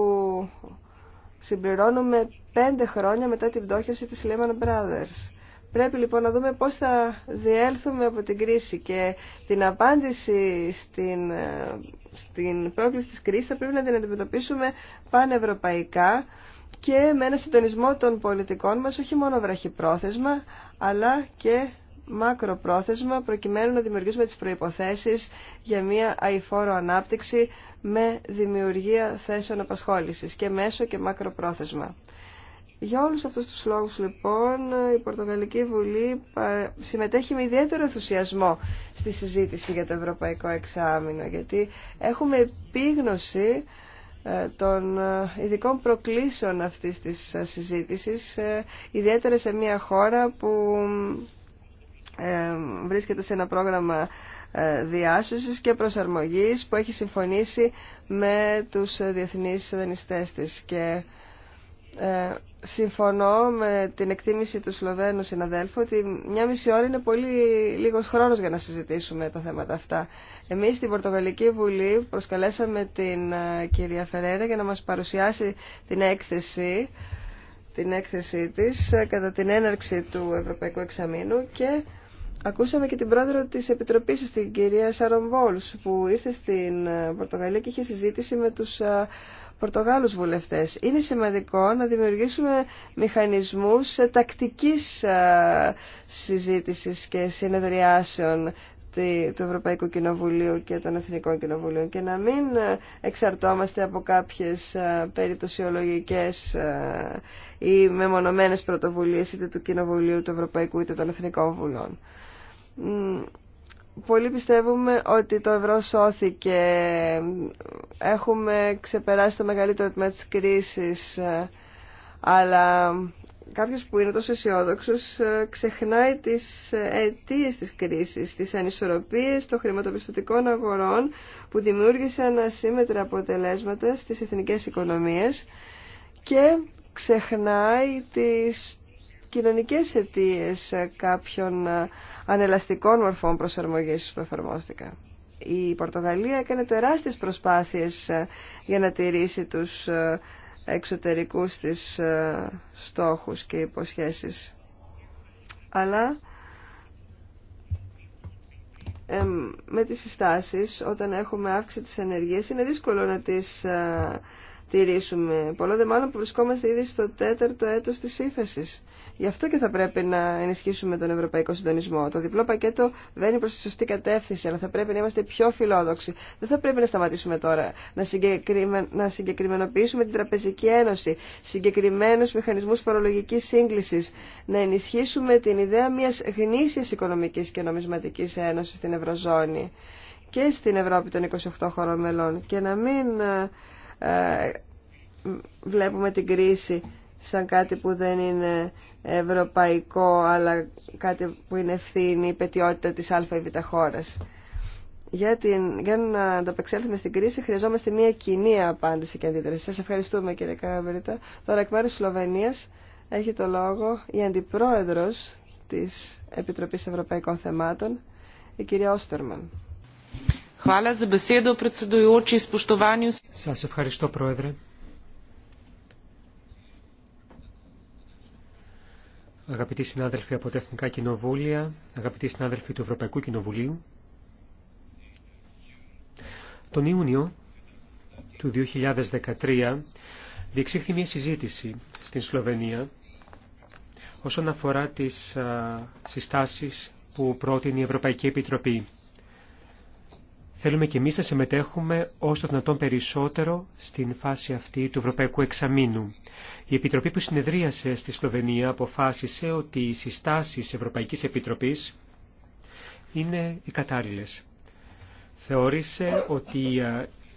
συμπληρώνουμε πέντε χρόνια μετά την πτώχευση της Lehman Brothers. Πρέπει λοιπόν να δούμε πώς θα διέλθουμε από την κρίση και την απάντηση στην, ε, στην πρόκληση της κρίσης θα πρέπει να την αντιμετωπίσουμε πανευρωπαϊκά και με ένα συντονισμό των πολιτικών μας, όχι μόνο βραχυπρόθεσμα, αλλά και μακροπρόθεσμα, προκειμένου να δημιουργήσουμε τις προϋποθέσεις για μια αηφόρο ανάπτυξη με δημιουργία θέσεων απασχόλησης και μέσο και μακροπρόθεσμα. Για όλους αυτούς τους λόγους λοιπόν η Πορτογαλική Βουλή συμμετέχει με ιδιαίτερο ενθουσιασμό στη συζήτηση για το Ευρωπαϊκό Εξάμεινο γιατί έχουμε επίγνωση ε, των ε, ειδικών προκλήσεων αυτής της ε, συζήτησης, ιδιαίτερα σε μια χώρα που βρίσκεται σε ένα πρόγραμμα διάσωσης και προσαρμογής που έχει συμφωνήσει με τους διεθνείς δανειστές της και ε, συμφωνώ με την εκτίμηση του Σλοβαίνου συναδέλφου ότι μια μισή ώρα είναι πολύ λίγος χρόνος για να συζητήσουμε τα θέματα αυτά. Εμείς στην Πορτογαλική Βουλή προσκαλέσαμε την ε, κυρία Φερέρα για να μας παρουσιάσει την έκθεση την έκθεσή της ε, κατά την έναρξη του Ευρωπαϊκού Εξαμήνου και ακούσαμε και την πρόεδρο της Επιτροπής την κυρία Σαρομβόλ που ήρθε στην Πορτογαλία και είχε συζήτηση με τους Πορτογάλους βουλευτές. Είναι σημαντικό να δημιουργήσουμε μηχανισμούς τακτικής ε, συζήτησης και συνεδριάσεων του Ευρωπαϊκού Κοινοβουλίου και των Εθνικών Κοινοβουλίων και να μην ε, εξαρτώμαστε από κάποιες ε, περιπτωσιολογικές ή μεμονωμένες πρωτοβουλίες είτε του Κοινοβουλίου του Ευρωπαϊκού είτε των Εθνικών Βουλών. Πολύ πιστεύουμε ότι το ευρώ σώθηκε. Έχουμε ξεπεράσει το μεγαλύτερο τμήμα της κρίσης, αλλά κάποιος που είναι τόσο αισιόδοξο ε, ξεχνάει τις αιτίες της κρίσης, τις ανισορροπίες των χρηματοπιστωτικών αγορών που δημιούργησαν ασύμμετρα αποτελέσματα στις εθνικές οικονομίες και ξεχνάει τις, κοινωνικές αιτίε κάποιων ανελαστικών μορφών προσαρμογής που εφαρμόστηκαν. Η Πορτογαλία έκανε τεράστιες προσπάθειες για να τηρήσει τους εξωτερικούς της στόχους και υποσχέσεις. Αλλά με τις συστάσεις, όταν έχουμε αύξηση της ενεργείας, είναι δύσκολο να τις ε, τηρήσουμε. Πολλό δε μάλλον που βρισκόμαστε ήδη στο τέταρτο έτος της ύφεση. Γι' αυτό και θα πρέπει να ενισχύσουμε τον ευρωπαϊκό συντονισμό. Το διπλό πακέτο βαίνει προς τη σωστή κατεύθυνση, αλλά θα πρέπει να είμαστε πιο φιλόδοξοι. Δεν θα πρέπει να σταματήσουμε τώρα να, συγκεκριμε... να συγκεκριμενοποιήσουμε την Τραπεζική Ένωση, συγκεκριμένους μηχανισμούς φορολογικής σύγκλησης, να ενισχύσουμε την ιδέα μιας γνήσιας οικονομικής και νομισματικής ένωσης στην Ευρωζώνη και στην Ευρώπη των 28 χωρών μελών και να μην ε, ε, βλέπουμε την κρίση σαν κάτι που δεν είναι ευρωπαϊκό αλλά κάτι που είναι ευθύνη η πετιότητα της α ή β χώρας. Για, την, για να ανταπεξέλθουμε στην κρίση χρειαζόμαστε μια κοινή απάντηση και αντίδραση. Σας ευχαριστούμε κύριε Καβρίτα. Τώρα εκ μέρους Σλοβενίας έχει το λόγο η Αντιπρόεδρος της Επιτροπής Ευρωπαϊκών Θεμάτων, η κυρία Όστερμαν. Σας ευχαριστώ, Πρόεδρε. Αγαπητοί συνάδελφοι από τα Εθνικά Κοινοβούλια, αγαπητοί συνάδελφοι του Ευρωπαϊκού Κοινοβουλίου, τον Ιούνιο του 2013 διεξήχθη μια συζήτηση στην Σλοβενία όσον αφορά τις συστάσεις που πρότεινε η Ευρωπαϊκή Επιτροπή. Θέλουμε και εμείς να συμμετέχουμε όσο το δυνατόν περισσότερο στην φάση αυτή του Ευρωπαϊκού Εξαμήνου. Η Επιτροπή που συνεδρίασε στη Σλοβενία αποφάσισε ότι οι συστάσεις Ευρωπαϊκής Επιτροπής είναι οι κατάλληλες. Θεώρησε ότι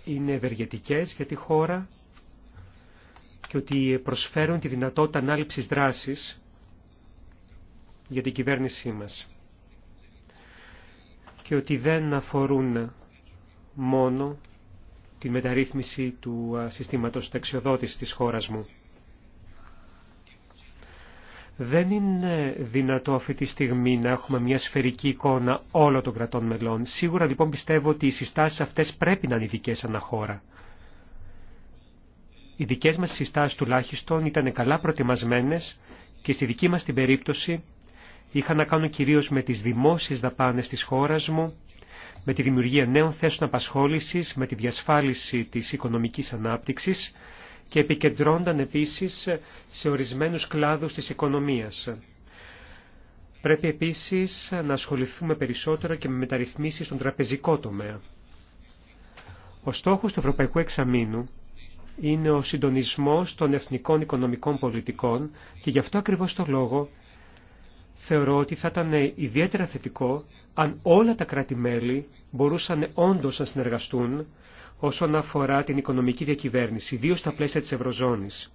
είναι ευεργετικέ για τη χώρα και ότι προσφέρουν τη δυνατότητα ανάληψης δράσης για την κυβέρνησή μας και ότι δεν αφορούν μόνο τη μεταρρύθμιση του συστήματος ταξιοδότησης της χώρας μου. Δεν είναι δυνατό αυτή τη στιγμή να έχουμε μια σφαιρική εικόνα όλων των κρατών μελών. Σίγουρα λοιπόν πιστεύω ότι οι συστάσεις αυτές πρέπει να είναι ειδικές αναχώρα. Οι δικές μας συστάσεις τουλάχιστον ήταν καλά προετοιμασμένες και στη δική μας την περίπτωση είχαν να κάνουν κυρίως με τις δημόσιες δαπάνες της χώρας μου με τη δημιουργία νέων θέσεων απασχόλησης, με τη διασφάλιση της οικονομικής ανάπτυξης και επικεντρώνταν επίσης σε ορισμένους κλάδους της οικονομίας. Πρέπει επίσης να ασχοληθούμε περισσότερο και με μεταρρυθμίσεις στον τραπεζικό τομέα. Ο στόχος του Ευρωπαϊκού Εξαμήνου είναι ο συντονισμός των εθνικών οικονομικών πολιτικών και γι' αυτό ακριβώς το λόγο θεωρώ ότι θα ήταν ιδιαίτερα θετικό αν όλα τα κράτη-μέλη μπορούσαν όντως να συνεργαστούν όσον αφορά την οικονομική διακυβέρνηση, ιδίω στα πλαίσια της Ευρωζώνης.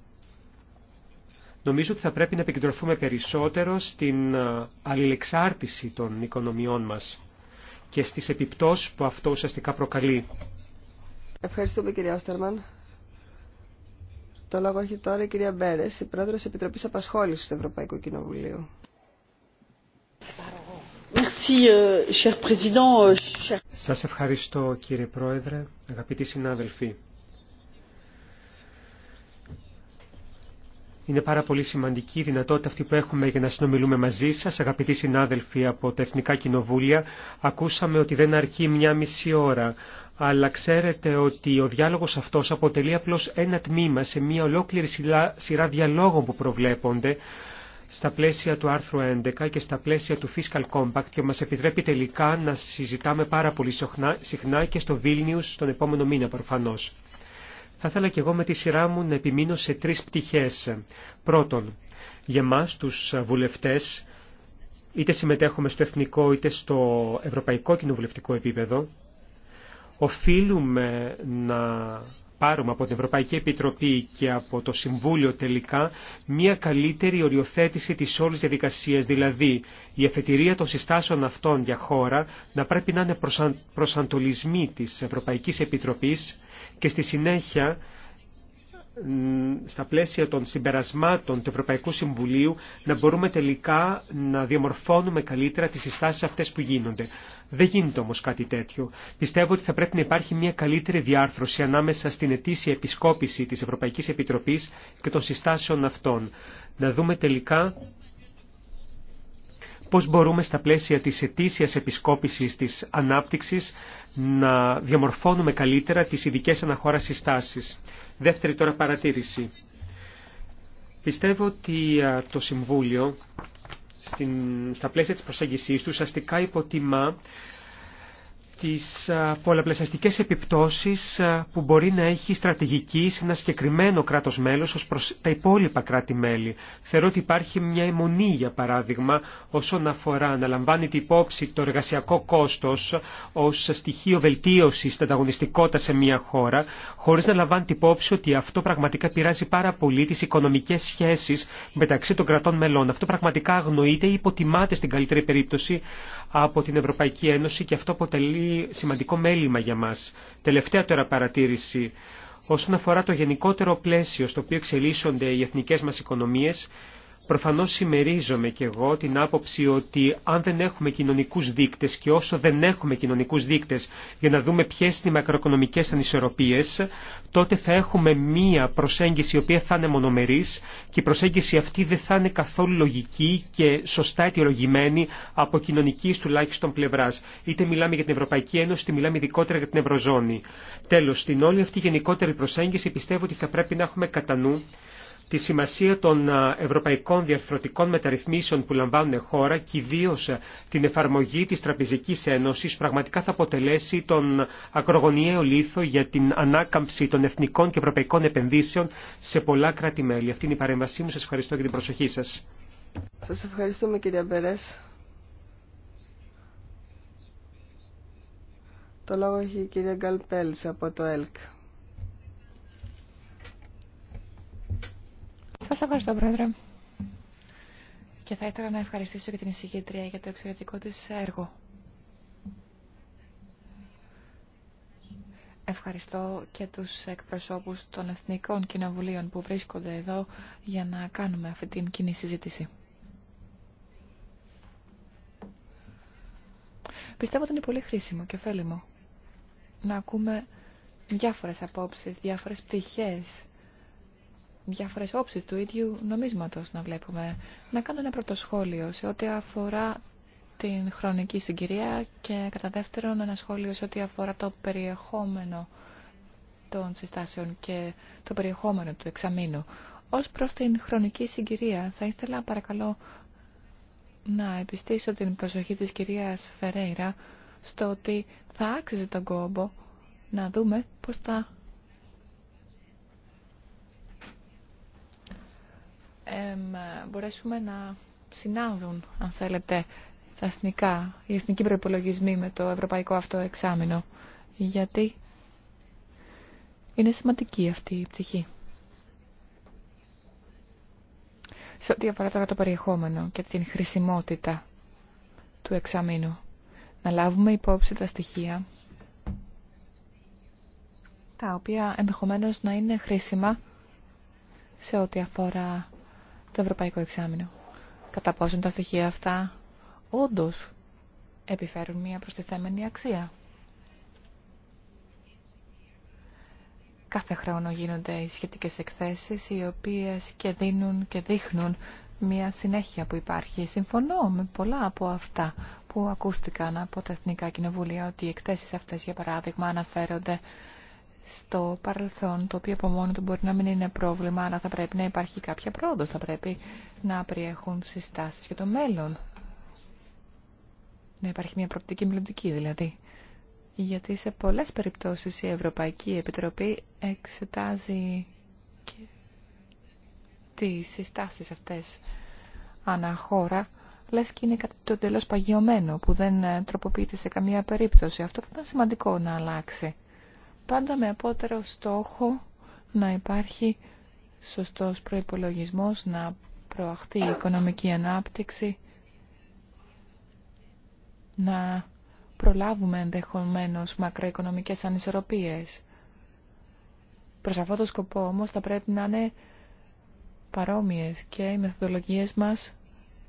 Νομίζω ότι θα πρέπει να επικεντρωθούμε περισσότερο στην ε, αλληλεξάρτηση των οικονομιών μας και στις επιπτώσεις που αυτό ουσιαστικά προκαλεί. Ευχαριστούμε κυρία Όστερμαν. Το λόγο έχει τώρα η κυρία Μπέρες, η πρόεδρος Επιτροπής Απασχόλησης του Ευρωπαϊκού Κοινοβουλίου. Euh, euh, σας ευχαριστώ κύριε Πρόεδρε, αγαπητοί συνάδελφοι. Είναι πάρα πολύ σημαντική η δυνατότητα αυτή που έχουμε για να συνομιλούμε μαζί σας, αγαπητοί συνάδελφοι από τα Εθνικά Κοινοβούλια. Ακούσαμε ότι δεν αρκεί μια μισή ώρα, αλλά ξέρετε ότι ο διάλογος αυτός αποτελεί απλώς ένα τμήμα σε μια ολόκληρη σειρά διαλόγων που προβλέπονται στα πλαίσια του άρθρου 11 και στα πλαίσια του Fiscal Compact και μας επιτρέπει τελικά να συζητάμε πάρα πολύ συχνά και στο Βίλνιους τον επόμενο μήνα προφανώς. Θα ήθελα και εγώ με τη σειρά μου να επιμείνω σε τρεις πτυχές. Πρώτον, για μας τους βουλευτές, είτε συμμετέχουμε στο εθνικό είτε στο ευρωπαϊκό κοινοβουλευτικό επίπεδο, οφείλουμε να πάρουμε από την Ευρωπαϊκή Επιτροπή και από το Συμβούλιο τελικά μια καλύτερη οριοθέτηση της όλη διαδικασίας, δηλαδή η εφετηρία των συστάσεων αυτών για χώρα να πρέπει να είναι προσαν... προσαντολισμοί της Ευρωπαϊκής Επιτροπής και στη συνέχεια στα πλαίσια των συμπερασμάτων του Ευρωπαϊκού Συμβουλίου να μπορούμε τελικά να διαμορφώνουμε καλύτερα τις συστάσεις αυτές που γίνονται. Δεν γίνεται όμως κάτι τέτοιο. Πιστεύω ότι θα πρέπει να υπάρχει μια καλύτερη διάρθρωση ανάμεσα στην ετήσια επισκόπηση της Ευρωπαϊκής Επιτροπής και των συστάσεων αυτών. Να δούμε τελικά πώς μπορούμε στα πλαίσια της ετήσιας επισκόπησης της ανάπτυξης να διαμορφώνουμε καλύτερα τις ειδικές αναχώρα συστάσεις. Δεύτερη τώρα παρατήρηση. Πιστεύω ότι το Συμβούλιο στην, στα πλαίσια της προσέγγισής του αστικά υποτιμά τις πολλαπλασιαστικές επιπτώσεις που μπορεί να έχει στρατηγική σε ένα συγκεκριμένο κράτος μέλος ως προς τα υπόλοιπα κράτη-μέλη. Θεωρώ ότι υπάρχει μια αιμονή, για παράδειγμα, όσον αφορά να λαμβάνει την υπόψη το εργασιακό κόστος ως στοιχείο βελτίωσης της ανταγωνιστικότητας σε μια χώρα, χωρίς να λαμβάνει την υπόψη ότι αυτό πραγματικά πειράζει πάρα πολύ τις οικονομικές σχέσεις μεταξύ των κρατών μελών. Αυτό πραγματικά αγνοείται ή υποτιμάται στην καλύτερη περίπτωση από την Ευρωπαϊκή Ένωση και αυτό αποτελεί σημαντικό μέλημα για μας. Τελευταία τώρα παρατήρηση. Όσον αφορά το γενικότερο πλαίσιο στο οποίο εξελίσσονται οι εθνικές μας οικονομίες, Προφανώς συμμερίζομαι και εγώ την άποψη ότι αν δεν έχουμε κοινωνικούς δείκτες και όσο δεν έχουμε κοινωνικούς δείκτες για να δούμε ποιες είναι οι μακροοικονομικές ανισορροπίες, τότε θα έχουμε μία προσέγγιση η οποία θα είναι μονομερής και η προσέγγιση αυτή δεν θα είναι καθόλου λογική και σωστά αιτιολογημένη από κοινωνική τουλάχιστον πλευρά. Είτε μιλάμε για την Ευρωπαϊκή Ένωση, είτε μιλάμε ειδικότερα για την Ευρωζώνη. Τέλος, στην όλη αυτή γενικότερη προσέγγιση πιστεύω ότι θα πρέπει να έχουμε κατά νου τη σημασία των ευρωπαϊκών διαρθρωτικών μεταρρυθμίσεων που λαμβάνουν χώρα και ιδίω την εφαρμογή της Τραπεζικής Ένωσης πραγματικά θα αποτελέσει τον ακρογωνιαίο λίθο για την ανάκαμψη των εθνικών και ευρωπαϊκών επενδύσεων σε πολλά κράτη-μέλη. Αυτή είναι η παρέμβασή μου. Σας ευχαριστώ για την προσοχή σας. Σας ευχαριστούμε κυρία Μπερές. Το λόγο έχει η κυρία από το ΕΛΚ. Σας ευχαριστώ, Πρόεδρε. Και θα ήθελα να ευχαριστήσω και την εισηγήτρια για το εξαιρετικό της έργο. Ευχαριστώ και τους εκπροσώπους των Εθνικών Κοινοβουλίων που βρίσκονται εδώ για να κάνουμε αυτή την κοινή συζήτηση. Πιστεύω ότι είναι πολύ χρήσιμο και ωφέλιμο να ακούμε διάφορες απόψεις, διάφορες πτυχές διάφορες όψεις του ίδιου νομίσματος να βλέπουμε. Να κάνω ένα πρώτο σχόλιο σε ό,τι αφορά την χρονική συγκυρία και κατά δεύτερον ένα σχόλιο σε ό,τι αφορά το περιεχόμενο των συστάσεων και το περιεχόμενο του εξαμήνου. Ως προς την χρονική συγκυρία θα ήθελα παρακαλώ να επιστήσω την προσοχή της κυρίας Φερέιρα στο ότι θα άξιζε τον κόμπο να δούμε πώς θα μπορέσουμε να συνάδουν, αν θέλετε, τα εθνικά, οι εθνικοί προπολογισμοί με το ευρωπαϊκό αυτό εξάμεινο. Γιατί είναι σημαντική αυτή η πτυχή. Σε ό,τι αφορά τώρα το περιεχόμενο και την χρησιμότητα του εξαμήνου, να λάβουμε υπόψη τα στοιχεία τα οποία ενδεχομένως να είναι χρήσιμα σε ό,τι αφορά το Ευρωπαϊκό Εξάμεινο. Κατά πόσον τα στοιχεία αυτά όντως επιφέρουν μια προστιθέμενη αξία. Κάθε χρόνο γίνονται οι σχετικές εκθέσεις οι οποίες και δίνουν και δείχνουν μια συνέχεια που υπάρχει. Συμφωνώ με πολλά από αυτά που ακούστηκαν από τα Εθνικά Κοινοβούλια ότι οι εκθέσεις αυτές για παράδειγμα αναφέρονται στο παρελθόν, το οποίο από μόνο του μπορεί να μην είναι πρόβλημα, αλλά θα πρέπει να υπάρχει κάποια πρόοδος, θα πρέπει να περιέχουν συστάσεις για το μέλλον. Να υπάρχει μια προοπτική μελλοντική δηλαδή. Γιατί σε πολλές περιπτώσεις η Ευρωπαϊκή Επιτροπή εξετάζει και τις συστάσεις αυτές χώρα λες και είναι κάτι το τελώς παγιωμένο που δεν τροποποιείται σε καμία περίπτωση. Αυτό θα ήταν σημαντικό να αλλάξει πάντα με απότερο στόχο να υπάρχει σωστός προϋπολογισμός, να προαχθεί η οικονομική ανάπτυξη, να προλάβουμε ενδεχομένως μακροοικονομικές ανισορροπίες. Προς αυτό το σκοπό όμως θα πρέπει να είναι παρόμοιες και οι μεθοδολογίες μας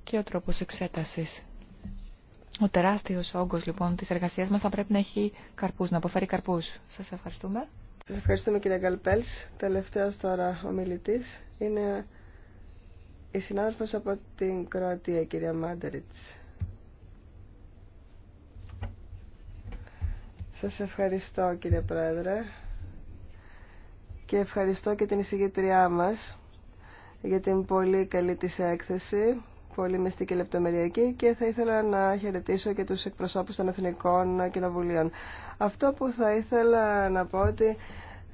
και ο τρόπος εξέτασης. Ο τεράστιος όγκος λοιπόν της εργασίας μας θα πρέπει να έχει καρπούς, να αποφέρει καρπούς. Σας ευχαριστούμε. Σας ευχαριστούμε κυρία Γκαλπέλ. Τελευταίο τώρα ο είναι η συνάδελφος από την Κροατία, κυρία Μάντεριτς. Σας ευχαριστώ κύριε Πρόεδρε και ευχαριστώ και την εισηγητριά μας για την πολύ καλή της έκθεση πολύ μεστή και λεπτομεριακή και θα ήθελα να χαιρετήσω και τους εκπροσώπους των Εθνικών Κοινοβουλίων. Αυτό που θα ήθελα να πω ότι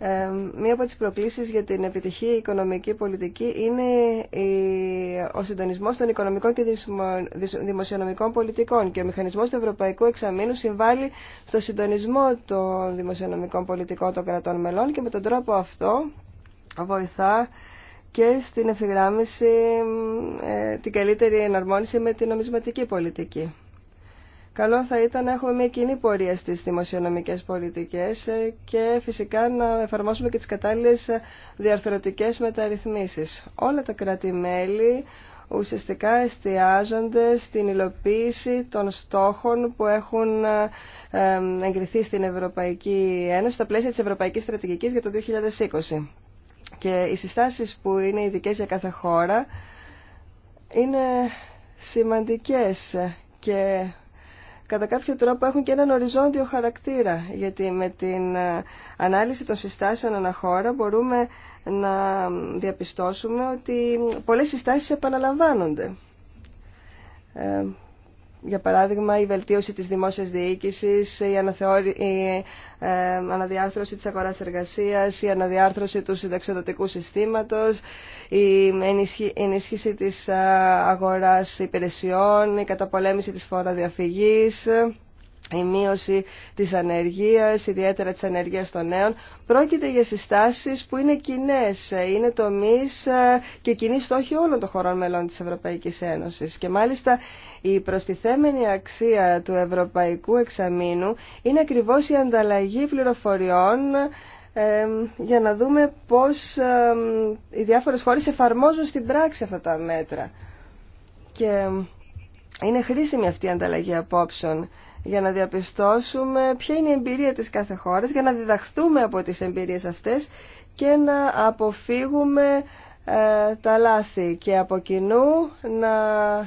ε, μία από τις προκλήσεις για την επιτυχή οικονομική πολιτική είναι ο συντονισμός των οικονομικών και δημοσιονομικών πολιτικών και ο μηχανισμός του Ευρωπαϊκού Εξαμήνου συμβάλλει στο συντονισμό των δημοσιονομικών πολιτικών των κρατών μελών και με τον τρόπο αυτό βοηθά και στην ευθυγράμμιση, ε, την καλύτερη εναρμόνιση με την νομισματική πολιτική. Καλό θα ήταν να έχουμε μια κοινή πορεία στις δημοσιονομικές πολιτικές ε, και φυσικά να εφαρμόσουμε και τις κατάλληλες διαρθρωτικές μεταρρυθμίσεις. Όλα τα κράτη-μέλη ουσιαστικά εστιάζονται στην υλοποίηση των στόχων που έχουν ε, εγκριθεί στην Ευρωπαϊκή Ένωση στα πλαίσια της Ευρωπαϊκής Στρατηγικής για το 2020. Και οι συστάσεις που είναι ειδικέ για κάθε χώρα είναι σημαντικές και κατά κάποιο τρόπο έχουν και έναν οριζόντιο χαρακτήρα γιατί με την ε, ανάλυση των συστάσεων αναχώρα μπορούμε να διαπιστώσουμε ότι πολλές συστάσεις επαναλαμβάνονται. Ε, για παράδειγμα, η βελτίωση της δημόσιας διοίκησης, η, αναθεώρη, η ε, αναδιάρθρωση της αγοράς εργασίας, η αναδιάρθρωση του συνταξιοδοτικού συστήματος, η ενίσχυση της ε, αγοράς υπηρεσιών, η καταπολέμηση της φοροδιαφυγής, η μείωση της ανεργίας, ιδιαίτερα της ανεργίας των νέων. Πρόκειται για συστάσεις που είναι κοινέ, είναι τομεί ε, και κοινή στόχη όλων των χωρών μελών της Ευρωπαϊκής Ένωσης. Και μάλιστα η προστιθέμενη αξία του Ευρωπαϊκού Εξαμήνου είναι ακριβώς η ανταλλαγή πληροφοριών ε, για να δούμε πώς ε, οι διάφορες χώρες εφαρμόζουν στην πράξη αυτά τα μέτρα. Και είναι χρήσιμη αυτή η ανταλλαγή απόψεων για να διαπιστώσουμε ποια είναι η εμπειρία της κάθε χώρας, για να διδαχθούμε από τις εμπειρίες αυτές και να αποφύγουμε ε, τα λάθη και από κοινού να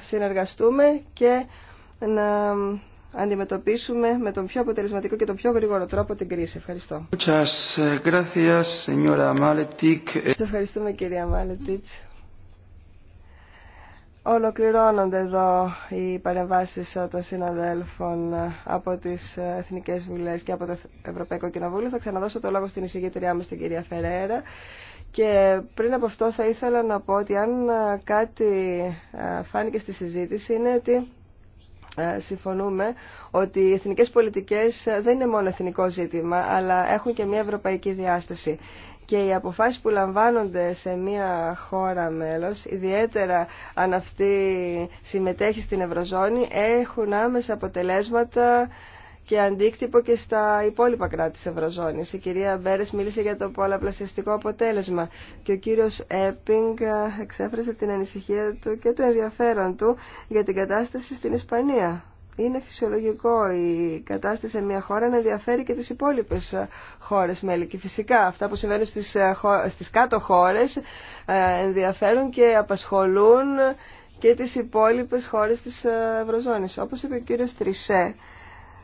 συνεργαστούμε και να αντιμετωπίσουμε με τον πιο αποτελεσματικό και τον πιο γρήγορο τρόπο την κρίση. Ευχαριστώ. Muchas gracias, señora ευχαριστούμε κυρία Μάλετιτς. Ολοκληρώνονται εδώ οι παρεμβάσεις ε, των συναδέλφων ε, από τις ε, Εθνικές Βουλές και από το Ευρωπαϊκό Κοινοβούλιο. Θα ξαναδώσω το λόγο στην εισηγήτριά μας, την κυρία Φερέρα. Και πριν από αυτό θα ήθελα να πω ότι αν κάτι φάνηκε στη συζήτηση είναι ότι συμφωνούμε ότι οι εθνικές πολιτικές δεν είναι μόνο εθνικό ζήτημα, αλλά έχουν και μια ευρωπαϊκή διάσταση και οι αποφάσεις που λαμβάνονται σε μια χώρα μέλος, ιδιαίτερα αν αυτή συμμετέχει στην Ευρωζώνη, έχουν άμεσα αποτελέσματα και αντίκτυπο και στα υπόλοιπα κράτη της Ευρωζώνης. Η κυρία Μπέρες μίλησε για το πολλαπλασιαστικό αποτέλεσμα και ο κύριος Έπινγκ εξέφρασε την ανησυχία του και το ενδιαφέρον του για την κατάσταση στην Ισπανία είναι φυσιολογικό η κατάσταση σε μια χώρα να ενδιαφέρει και τις υπόλοιπες ε, χώρες μέλη. Και φυσικά αυτά που συμβαίνουν στις, ε, στις κάτω χώρες ε, ενδιαφέρουν και απασχολούν και τις υπόλοιπες χώρες της Ευρωζώνης. Όπως είπε ο κύριος Τρισέ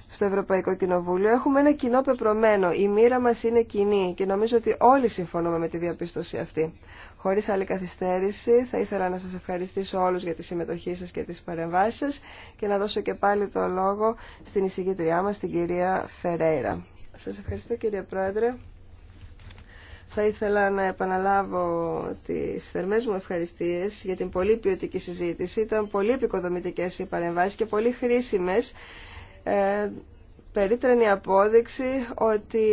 στο Ευρωπαϊκό Κοινοβούλιο, έχουμε ένα κοινό πεπρωμένο. Η μοίρα μας είναι κοινή και νομίζω ότι όλοι συμφωνούμε με τη διαπίστωση αυτή. Χωρίς άλλη καθυστέρηση θα ήθελα να σας ευχαριστήσω όλους για τη συμμετοχή σας και τις παρεμβάσεις σας και να δώσω και πάλι το λόγο στην εισηγητριά μας, την κυρία Φερέιρα. Σας ευχαριστώ κύριε Πρόεδρε. Θα ήθελα να επαναλάβω τις θερμές μου ευχαριστίες για την πολύ ποιοτική συζήτηση. Ήταν πολύ επικοδομητικές οι παρεμβάσεις και πολύ χρήσιμες. Ε, περίτρανη απόδειξη ότι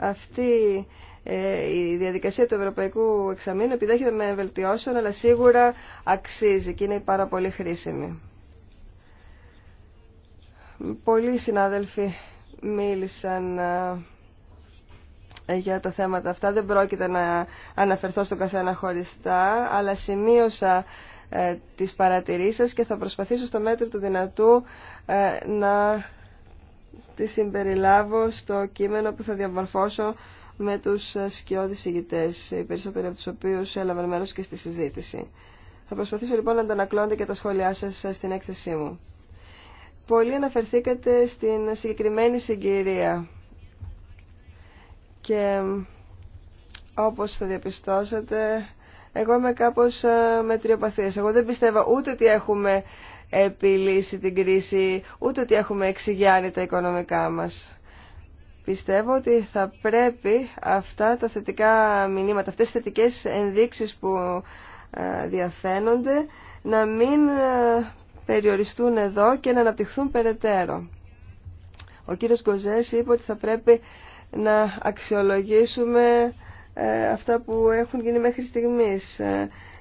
αυτή ε, η διαδικασία του Ευρωπαϊκού Εξαμήνου επιδέχεται με βελτιώσεων, αλλά σίγουρα αξίζει και είναι πάρα πολύ χρήσιμη. Πολλοί συνάδελφοι μίλησαν ε, για τα θέματα αυτά. Δεν πρόκειται να αναφερθώ στον καθένα χωριστά, αλλά σημείωσα ε, τις παρατηρήσεις και θα προσπαθήσω στο μέτρο του δυνατού να τις συμπεριλάβω στο κείμενο που θα διαμορφώσω με τους σκιώδεις ηγητές, οι περισσότεροι από τους οποίους έλαβαν μέρος και στη συζήτηση. Θα προσπαθήσω λοιπόν να αντανακλώνετε και τα σχόλιά σας στην έκθεσή μου. Πολλοί αναφερθήκατε στην συγκεκριμένη συγκυρία και όπως θα διαπιστώσατε εγώ είμαι κάπως ε, μετριοπαθής. Εγώ δεν πιστεύω ούτε ότι έχουμε επιλύσει την κρίση, ούτε ότι έχουμε εξηγιάνει τα οικονομικά μας. Πιστεύω ότι θα πρέπει αυτά τα θετικά μηνύματα, αυτές τις θετικές ενδείξεις που ε, διαφαίνονται να μην ε, περιοριστούν εδώ και να αναπτυχθούν περαιτέρω. Ο κύριος Κοζές είπε ότι θα πρέπει να αξιολογήσουμε ε, αυτά που έχουν γίνει μέχρι στιγμής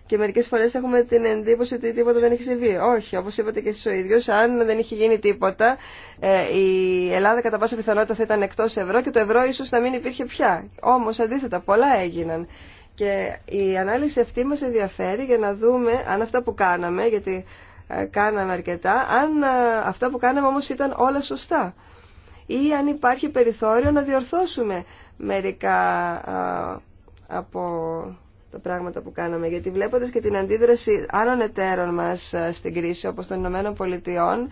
και μερικέ φορέ έχουμε την εντύπωση ότι τίποτα δεν έχει συμβεί. Όχι, όπω είπατε και εσεί ο ίδιος, αν δεν είχε γίνει τίποτα, ε, η Ελλάδα κατά πάσα πιθανότητα θα ήταν εκτό ευρώ και το ευρώ ίσω να μην υπήρχε πια. Όμω αντίθετα, πολλά έγιναν. Και η ανάλυση αυτή μα ενδιαφέρει για να δούμε αν αυτά που κάναμε, γιατί ε, κάναμε αρκετά, αν ε, αυτά που κάναμε όμω ήταν όλα σωστά. Ή αν υπάρχει περιθώριο να διορθώσουμε μερικά από τα πράγματα που κάναμε. Γιατί βλέποντα και την αντίδραση άλλων εταίρων μας ε, στην κρίση, όπω των Ηνωμένων Πολιτειών,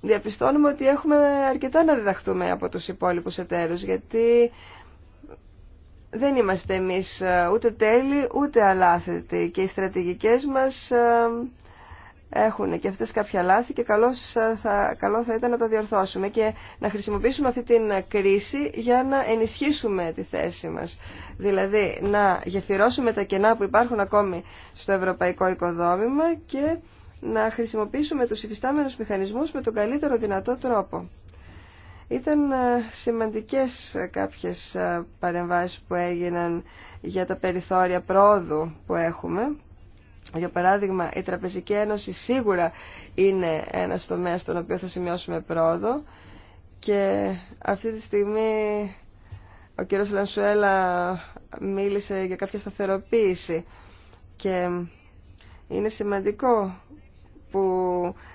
διαπιστώνουμε ότι έχουμε αρκετά να διδαχτούμε από τους υπόλοιπου εταίρου. γιατί δεν είμαστε εμεί ε, ούτε τέλειοι ούτε αλάθετοι και οι στρατηγικές μας ε, έχουν και αυτές κάποια λάθη και καλώς ε, θα, καλό θα ήταν να τα διορθώσουμε και να χρησιμοποιήσουμε αυτή την κρίση για να ενισχύσουμε τη θέση μας. Δηλαδή να γεφυρώσουμε τα κενά που υπάρχουν ακόμη στο ευρωπαϊκό οικοδόμημα και να χρησιμοποιήσουμε τους υφιστάμενους μηχανισμούς με τον καλύτερο δυνατό τρόπο. Ήταν ε, σημαντικές κάποιες ε, παρεμβάσεις που έγιναν για τα περιθώρια πρόοδου που έχουμε για παράδειγμα, η Τραπεζική Ένωση σίγουρα είναι ένα τομέα στον οποίο θα σημειώσουμε πρόοδο και αυτή τη στιγμή ο κύριος Λανσουέλα μίλησε για κάποια σταθεροποίηση και είναι σημαντικό που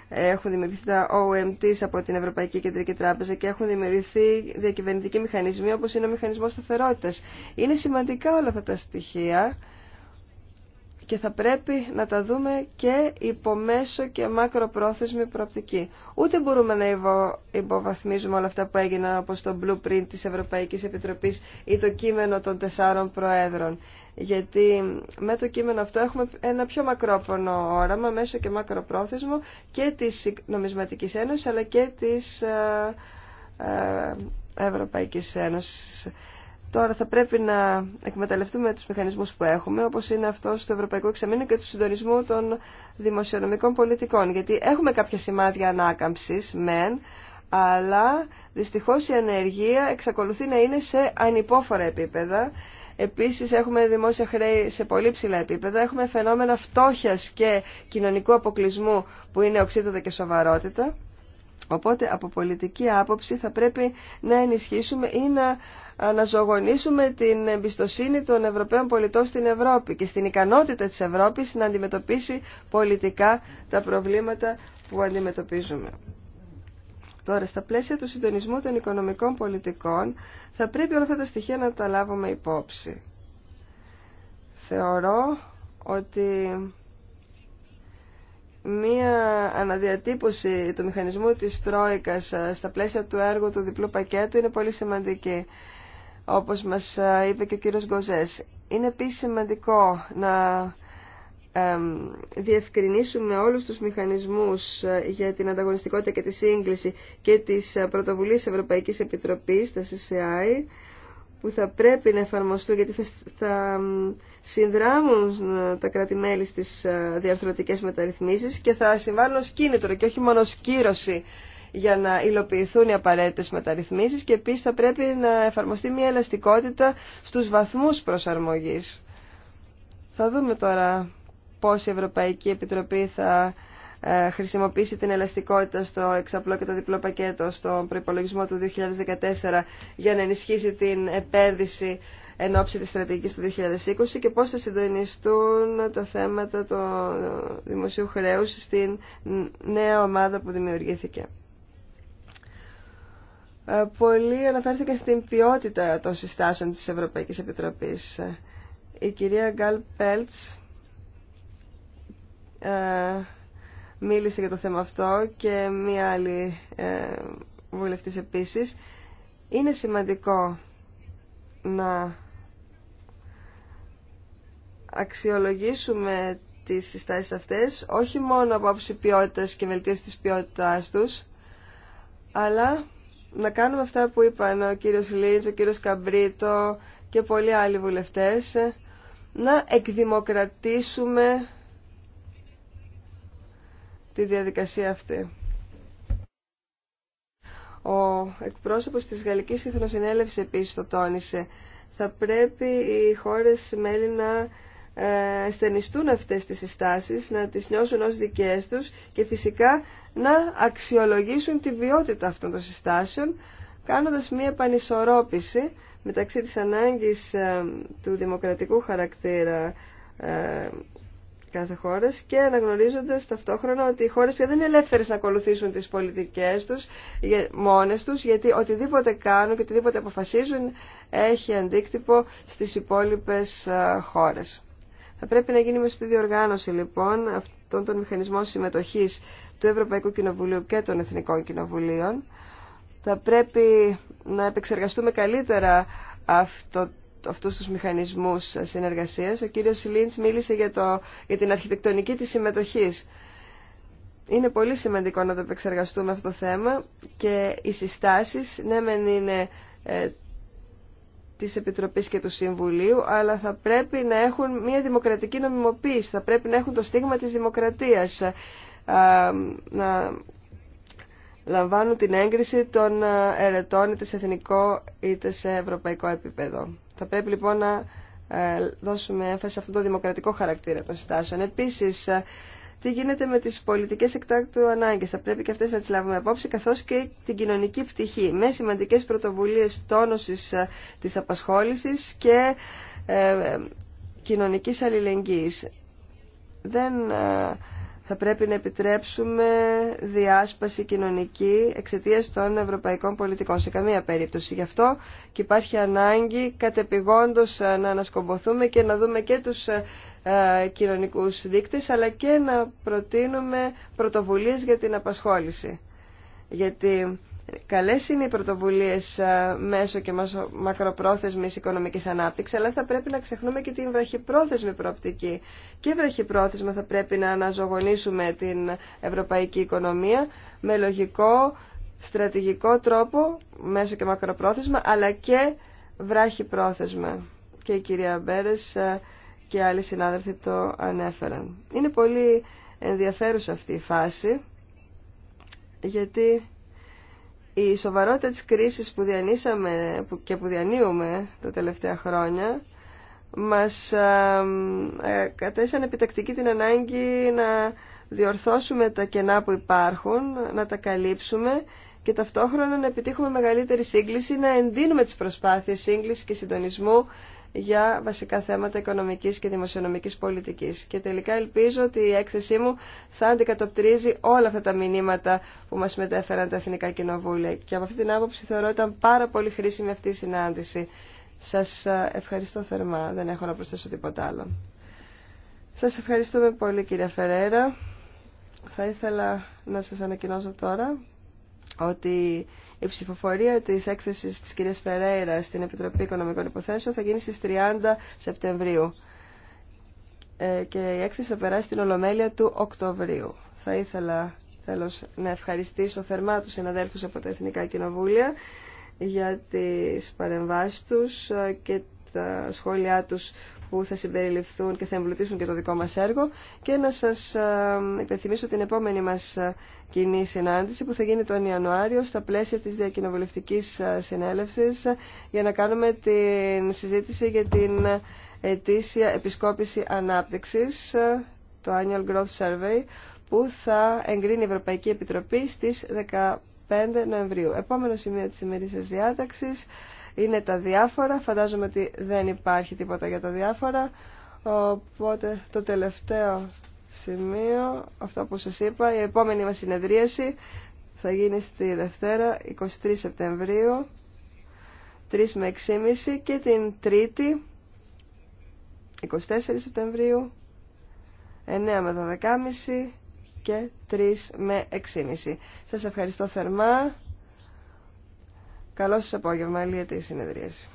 έχουν δημιουργηθεί τα OMTs από την Ευρωπαϊκή Κεντρική Τράπεζα και έχουν δημιουργηθεί διακυβερνητικοί μηχανισμοί όπως είναι ο μηχανισμός σταθερότητας. Είναι σημαντικά όλα αυτά τα στοιχεία και θα πρέπει να τα δούμε και υπομέσω και μακροπρόθεσμη προοπτική. Ούτε μπορούμε να υποβαθμίζουμε όλα αυτά που έγιναν όπως το blueprint της Ευρωπαϊκής Επιτροπής ή το κείμενο των τεσσάρων προέδρων. Γιατί με το κείμενο αυτό έχουμε ένα πιο μακρόπονο όραμα, μέσο και μακροπρόθεσμο και της Νομισματικής Ένωσης αλλά και της ε, ε, Ευρωπαϊκής Ένωσης. Τώρα θα πρέπει να εκμεταλλευτούμε τους μηχανισμούς που έχουμε, όπως είναι αυτός του Ευρωπαϊκού Εξαμήνου και του συντονισμού των δημοσιονομικών πολιτικών. Γιατί έχουμε κάποια σημάδια ανάκαμψης, μεν, αλλά δυστυχώς η ανεργία εξακολουθεί να είναι σε ανυπόφορα επίπεδα. Επίσης έχουμε δημόσια χρέη σε πολύ ψηλά επίπεδα. Έχουμε φαινόμενα φτώχειας και κοινωνικού αποκλεισμού που είναι οξύτατα και σοβαρότητα. Οπότε από πολιτική άποψη θα πρέπει να ενισχύσουμε ή να αναζωογονήσουμε την εμπιστοσύνη των Ευρωπαίων πολιτών στην Ευρώπη και στην ικανότητα της Ευρώπης να αντιμετωπίσει πολιτικά τα προβλήματα που αντιμετωπίζουμε. Τώρα, στα πλαίσια του συντονισμού των οικονομικών πολιτικών θα πρέπει όλα αυτά τα στοιχεία να τα λάβουμε υπόψη. Θεωρώ ότι μία αναδιατύπωση του μηχανισμού της Τρόικας ε, στα πλαίσια του έργου του διπλού πακέτου είναι πολύ σημαντική, όπως μας ε, είπε και ο κύριος Γκοζές. Είναι επίσης σημαντικό να διευκρινίσουμε όλους τους μηχανισμούς ε, για την ανταγωνιστικότητα και τη σύγκληση και της πρωτοβουλίας Ευρωπαϊκής Επιτροπής, τα CCI, που θα πρέπει να εφαρμοστούν γιατί θα, συνδράμουν τα κράτη-μέλη στις διαρθρωτικές μεταρρυθμίσεις και θα συμβάλλουν ως κίνητρο και όχι μόνο ως κύρωση για να υλοποιηθούν οι απαραίτητες μεταρρυθμίσεις και επίσης θα πρέπει να εφαρμοστεί μια ελαστικότητα στους βαθμούς προσαρμογής. Θα δούμε τώρα πώς η Ευρωπαϊκή Επιτροπή θα ε, χρησιμοποιήσει την ελαστικότητα στο εξαπλό και το διπλό πακέτο στον προπολογισμό του 2014 για να ενισχύσει την επένδυση εν ώψη της στρατηγικής του 2020 και πώς θα συντονιστούν τα θέματα του δημοσίου χρέους στην νέα ομάδα που δημιουργήθηκε. Ε, Πολύ αναφέρθηκαν στην ποιότητα των συστάσεων της Ευρωπαϊκής Επιτροπής. Η κυρία Γκάλ Πέλτς ε, μίλησε για το θέμα αυτό και μία άλλη ε, βουλευτής επίσης. Είναι σημαντικό να αξιολογήσουμε τις συστάσεις αυτές, όχι μόνο από άψη ποιότητας και βελτίωση της ποιότητάς τους, αλλά να κάνουμε αυτά που είπαν ο κύριος Λίντς, ο κύριος Καμπρίτο και πολλοί άλλοι βουλευτές, να εκδημοκρατήσουμε τη διαδικασία αυτή. Ο εκπρόσωπος της Γαλλικής Ιθνοσυνέλευσης επίσης το τόνισε. Θα πρέπει οι χώρες μέλη να ε, στενιστούν αυτές τις συστάσεις, να τις νιώσουν ως δικές τους και φυσικά να αξιολογήσουν τη ποιότητα αυτών των συστάσεων κάνοντας μία επανισορρόπηση μεταξύ της ανάγκης ε, του δημοκρατικού χαρακτήρα ε, κάθε χώρα και αναγνωρίζοντα ταυτόχρονα ότι οι χώρε πια δεν είναι ελεύθερε να ακολουθήσουν τι πολιτικέ του μόνε του, γιατί οτιδήποτε κάνουν και οτιδήποτε αποφασίζουν έχει αντίκτυπο στι υπόλοιπε χώρε. Θα πρέπει να γίνει με στη διοργάνωση λοιπόν αυτών των μηχανισμών συμμετοχή του Ευρωπαϊκού Κοινοβουλίου και των Εθνικών Κοινοβουλίων. Θα πρέπει να επεξεργαστούμε καλύτερα αυτό αυτούς τους μηχανισμούς συνεργασίας. Ο κύριος Λίντς μίλησε για, την αρχιτεκτονική της συμμετοχής. Είναι πολύ σημαντικό να το επεξεργαστούμε αυτό το θέμα και οι συστάσεις, ναι μεν είναι ε, της Επιτροπής και του Συμβουλίου, αλλά θα πρέπει να έχουν μια δημοκρατική νομιμοποίηση, θα πρέπει να έχουν το στίγμα της δημοκρατίας, ε, να λαμβάνουν την έγκριση των ε, ερετών είτε σε εθνικό είτε σε ευρωπαϊκό επίπεδο. Θα πρέπει λοιπόν να ε, δώσουμε έμφαση σε αυτό το δημοκρατικό χαρακτήρα των συστάσεων. Επίσης, ε, τι γίνεται με τις πολιτικές εκτάκτου ανάγκες. Θα πρέπει και αυτές να τις λάβουμε απόψη, καθώς και την κοινωνική πτυχή, με σημαντικές πρωτοβουλίες τόνωσης ε, της απασχόλησης και ε, κοινωνικής αλληλεγγύης. Δεν θα πρέπει να επιτρέψουμε διάσπαση κοινωνική εξαιτία των ευρωπαϊκών πολιτικών. Σε καμία περίπτωση. Γι' αυτό και υπάρχει ανάγκη κατεπηγόντως ε, να ανασκομποθούμε και να δούμε και τους ε, ε, κοινωνικούς δείκτες αλλά και να προτείνουμε πρωτοβουλίες για την απασχόληση. Γιατί Καλές είναι οι πρωτοβουλίες ε, μέσω και μακροπρόθεσμης οικονομικής ανάπτυξη, αλλά θα πρέπει να ξεχνούμε και την βραχυπρόθεσμη προοπτική. Και βραχυπρόθεσμα θα πρέπει να αναζωογονήσουμε την ευρωπαϊκή οικονομία με λογικό, στρατηγικό τρόπο, μέσω και μακροπρόθεσμα, αλλά και βράχυπρόθεσμα. Και η κυρία Μπέρες ε, και άλλοι συνάδελφοι το ανέφεραν. Είναι πολύ ενδιαφέρουσα αυτή η φάση, γιατί η σοβαρότητα της κρίσης που διανύσαμε και που διανύουμε τα τελευταία χρόνια μας ε, κατέσαν επιτακτική την ανάγκη να διορθώσουμε τα κενά που υπάρχουν, να τα καλύψουμε και ταυτόχρονα να επιτύχουμε μεγαλύτερη σύγκληση, να εντείνουμε τις προσπάθειες σύγκλησης και συντονισμού για βασικά θέματα οικονομικής και δημοσιονομικής πολιτικής. Και τελικά ελπίζω ότι η έκθεσή μου θα αντικατοπτρίζει όλα αυτά τα μηνύματα που μας μετέφεραν τα Εθνικά Κοινοβούλια. Και από αυτή την άποψη θεωρώ ήταν πάρα πολύ χρήσιμη αυτή η συνάντηση. Σας ευχαριστώ θερμά. Δεν έχω να προσθέσω τίποτα άλλο. Σας ευχαριστούμε πολύ κυρία Φερέρα. Θα ήθελα να σας ανακοινώσω τώρα ότι η ψηφοφορία τη έκθεση της κυρίας Φερέιρα στην Επιτροπή Οικονομικών Υποθέσεων θα γίνει στις 30 Σεπτεμβρίου ε, και η έκθεση θα περάσει την Ολομέλεια του Οκτωβρίου. Θα ήθελα θέλω να ευχαριστήσω θερμά τους συναδέλφου από τα Εθνικά Κοινοβούλια για τις παρεμβάσει του ε, και τα σχόλιά τους που θα συμπεριληφθούν και θα εμπλουτίσουν και το δικό μας έργο και να σας ε, υπενθυμίσω την επόμενη μας ε, κοινή συνάντηση που θα γίνει τον Ιανουάριο στα πλαίσια της διακοινοβουλευτικής ε, συνέλευσης για να κάνουμε την συζήτηση για την ετήσια επισκόπηση ανάπτυξης, το Annual Growth Survey, που θα εγκρίνει η Ευρωπαϊκή Επιτροπή στις 15 Νοεμβρίου. Επόμενο σημείο της σα διάταξης είναι τα διάφορα. Φαντάζομαι ότι δεν υπάρχει τίποτα για τα διάφορα. Οπότε το τελευταίο σημείο, αυτό που σας είπα, η επόμενη μας συνεδρίαση θα γίνει στη Δευτέρα, 23 Σεπτεμβρίου, 3 με 6.30 και την Τρίτη, 24 Σεπτεμβρίου, 9 με 12.30 και 3 με 6.30. Σας ευχαριστώ θερμά. Καλό σας απόγευμα, ελίεται η συνεδρίαση.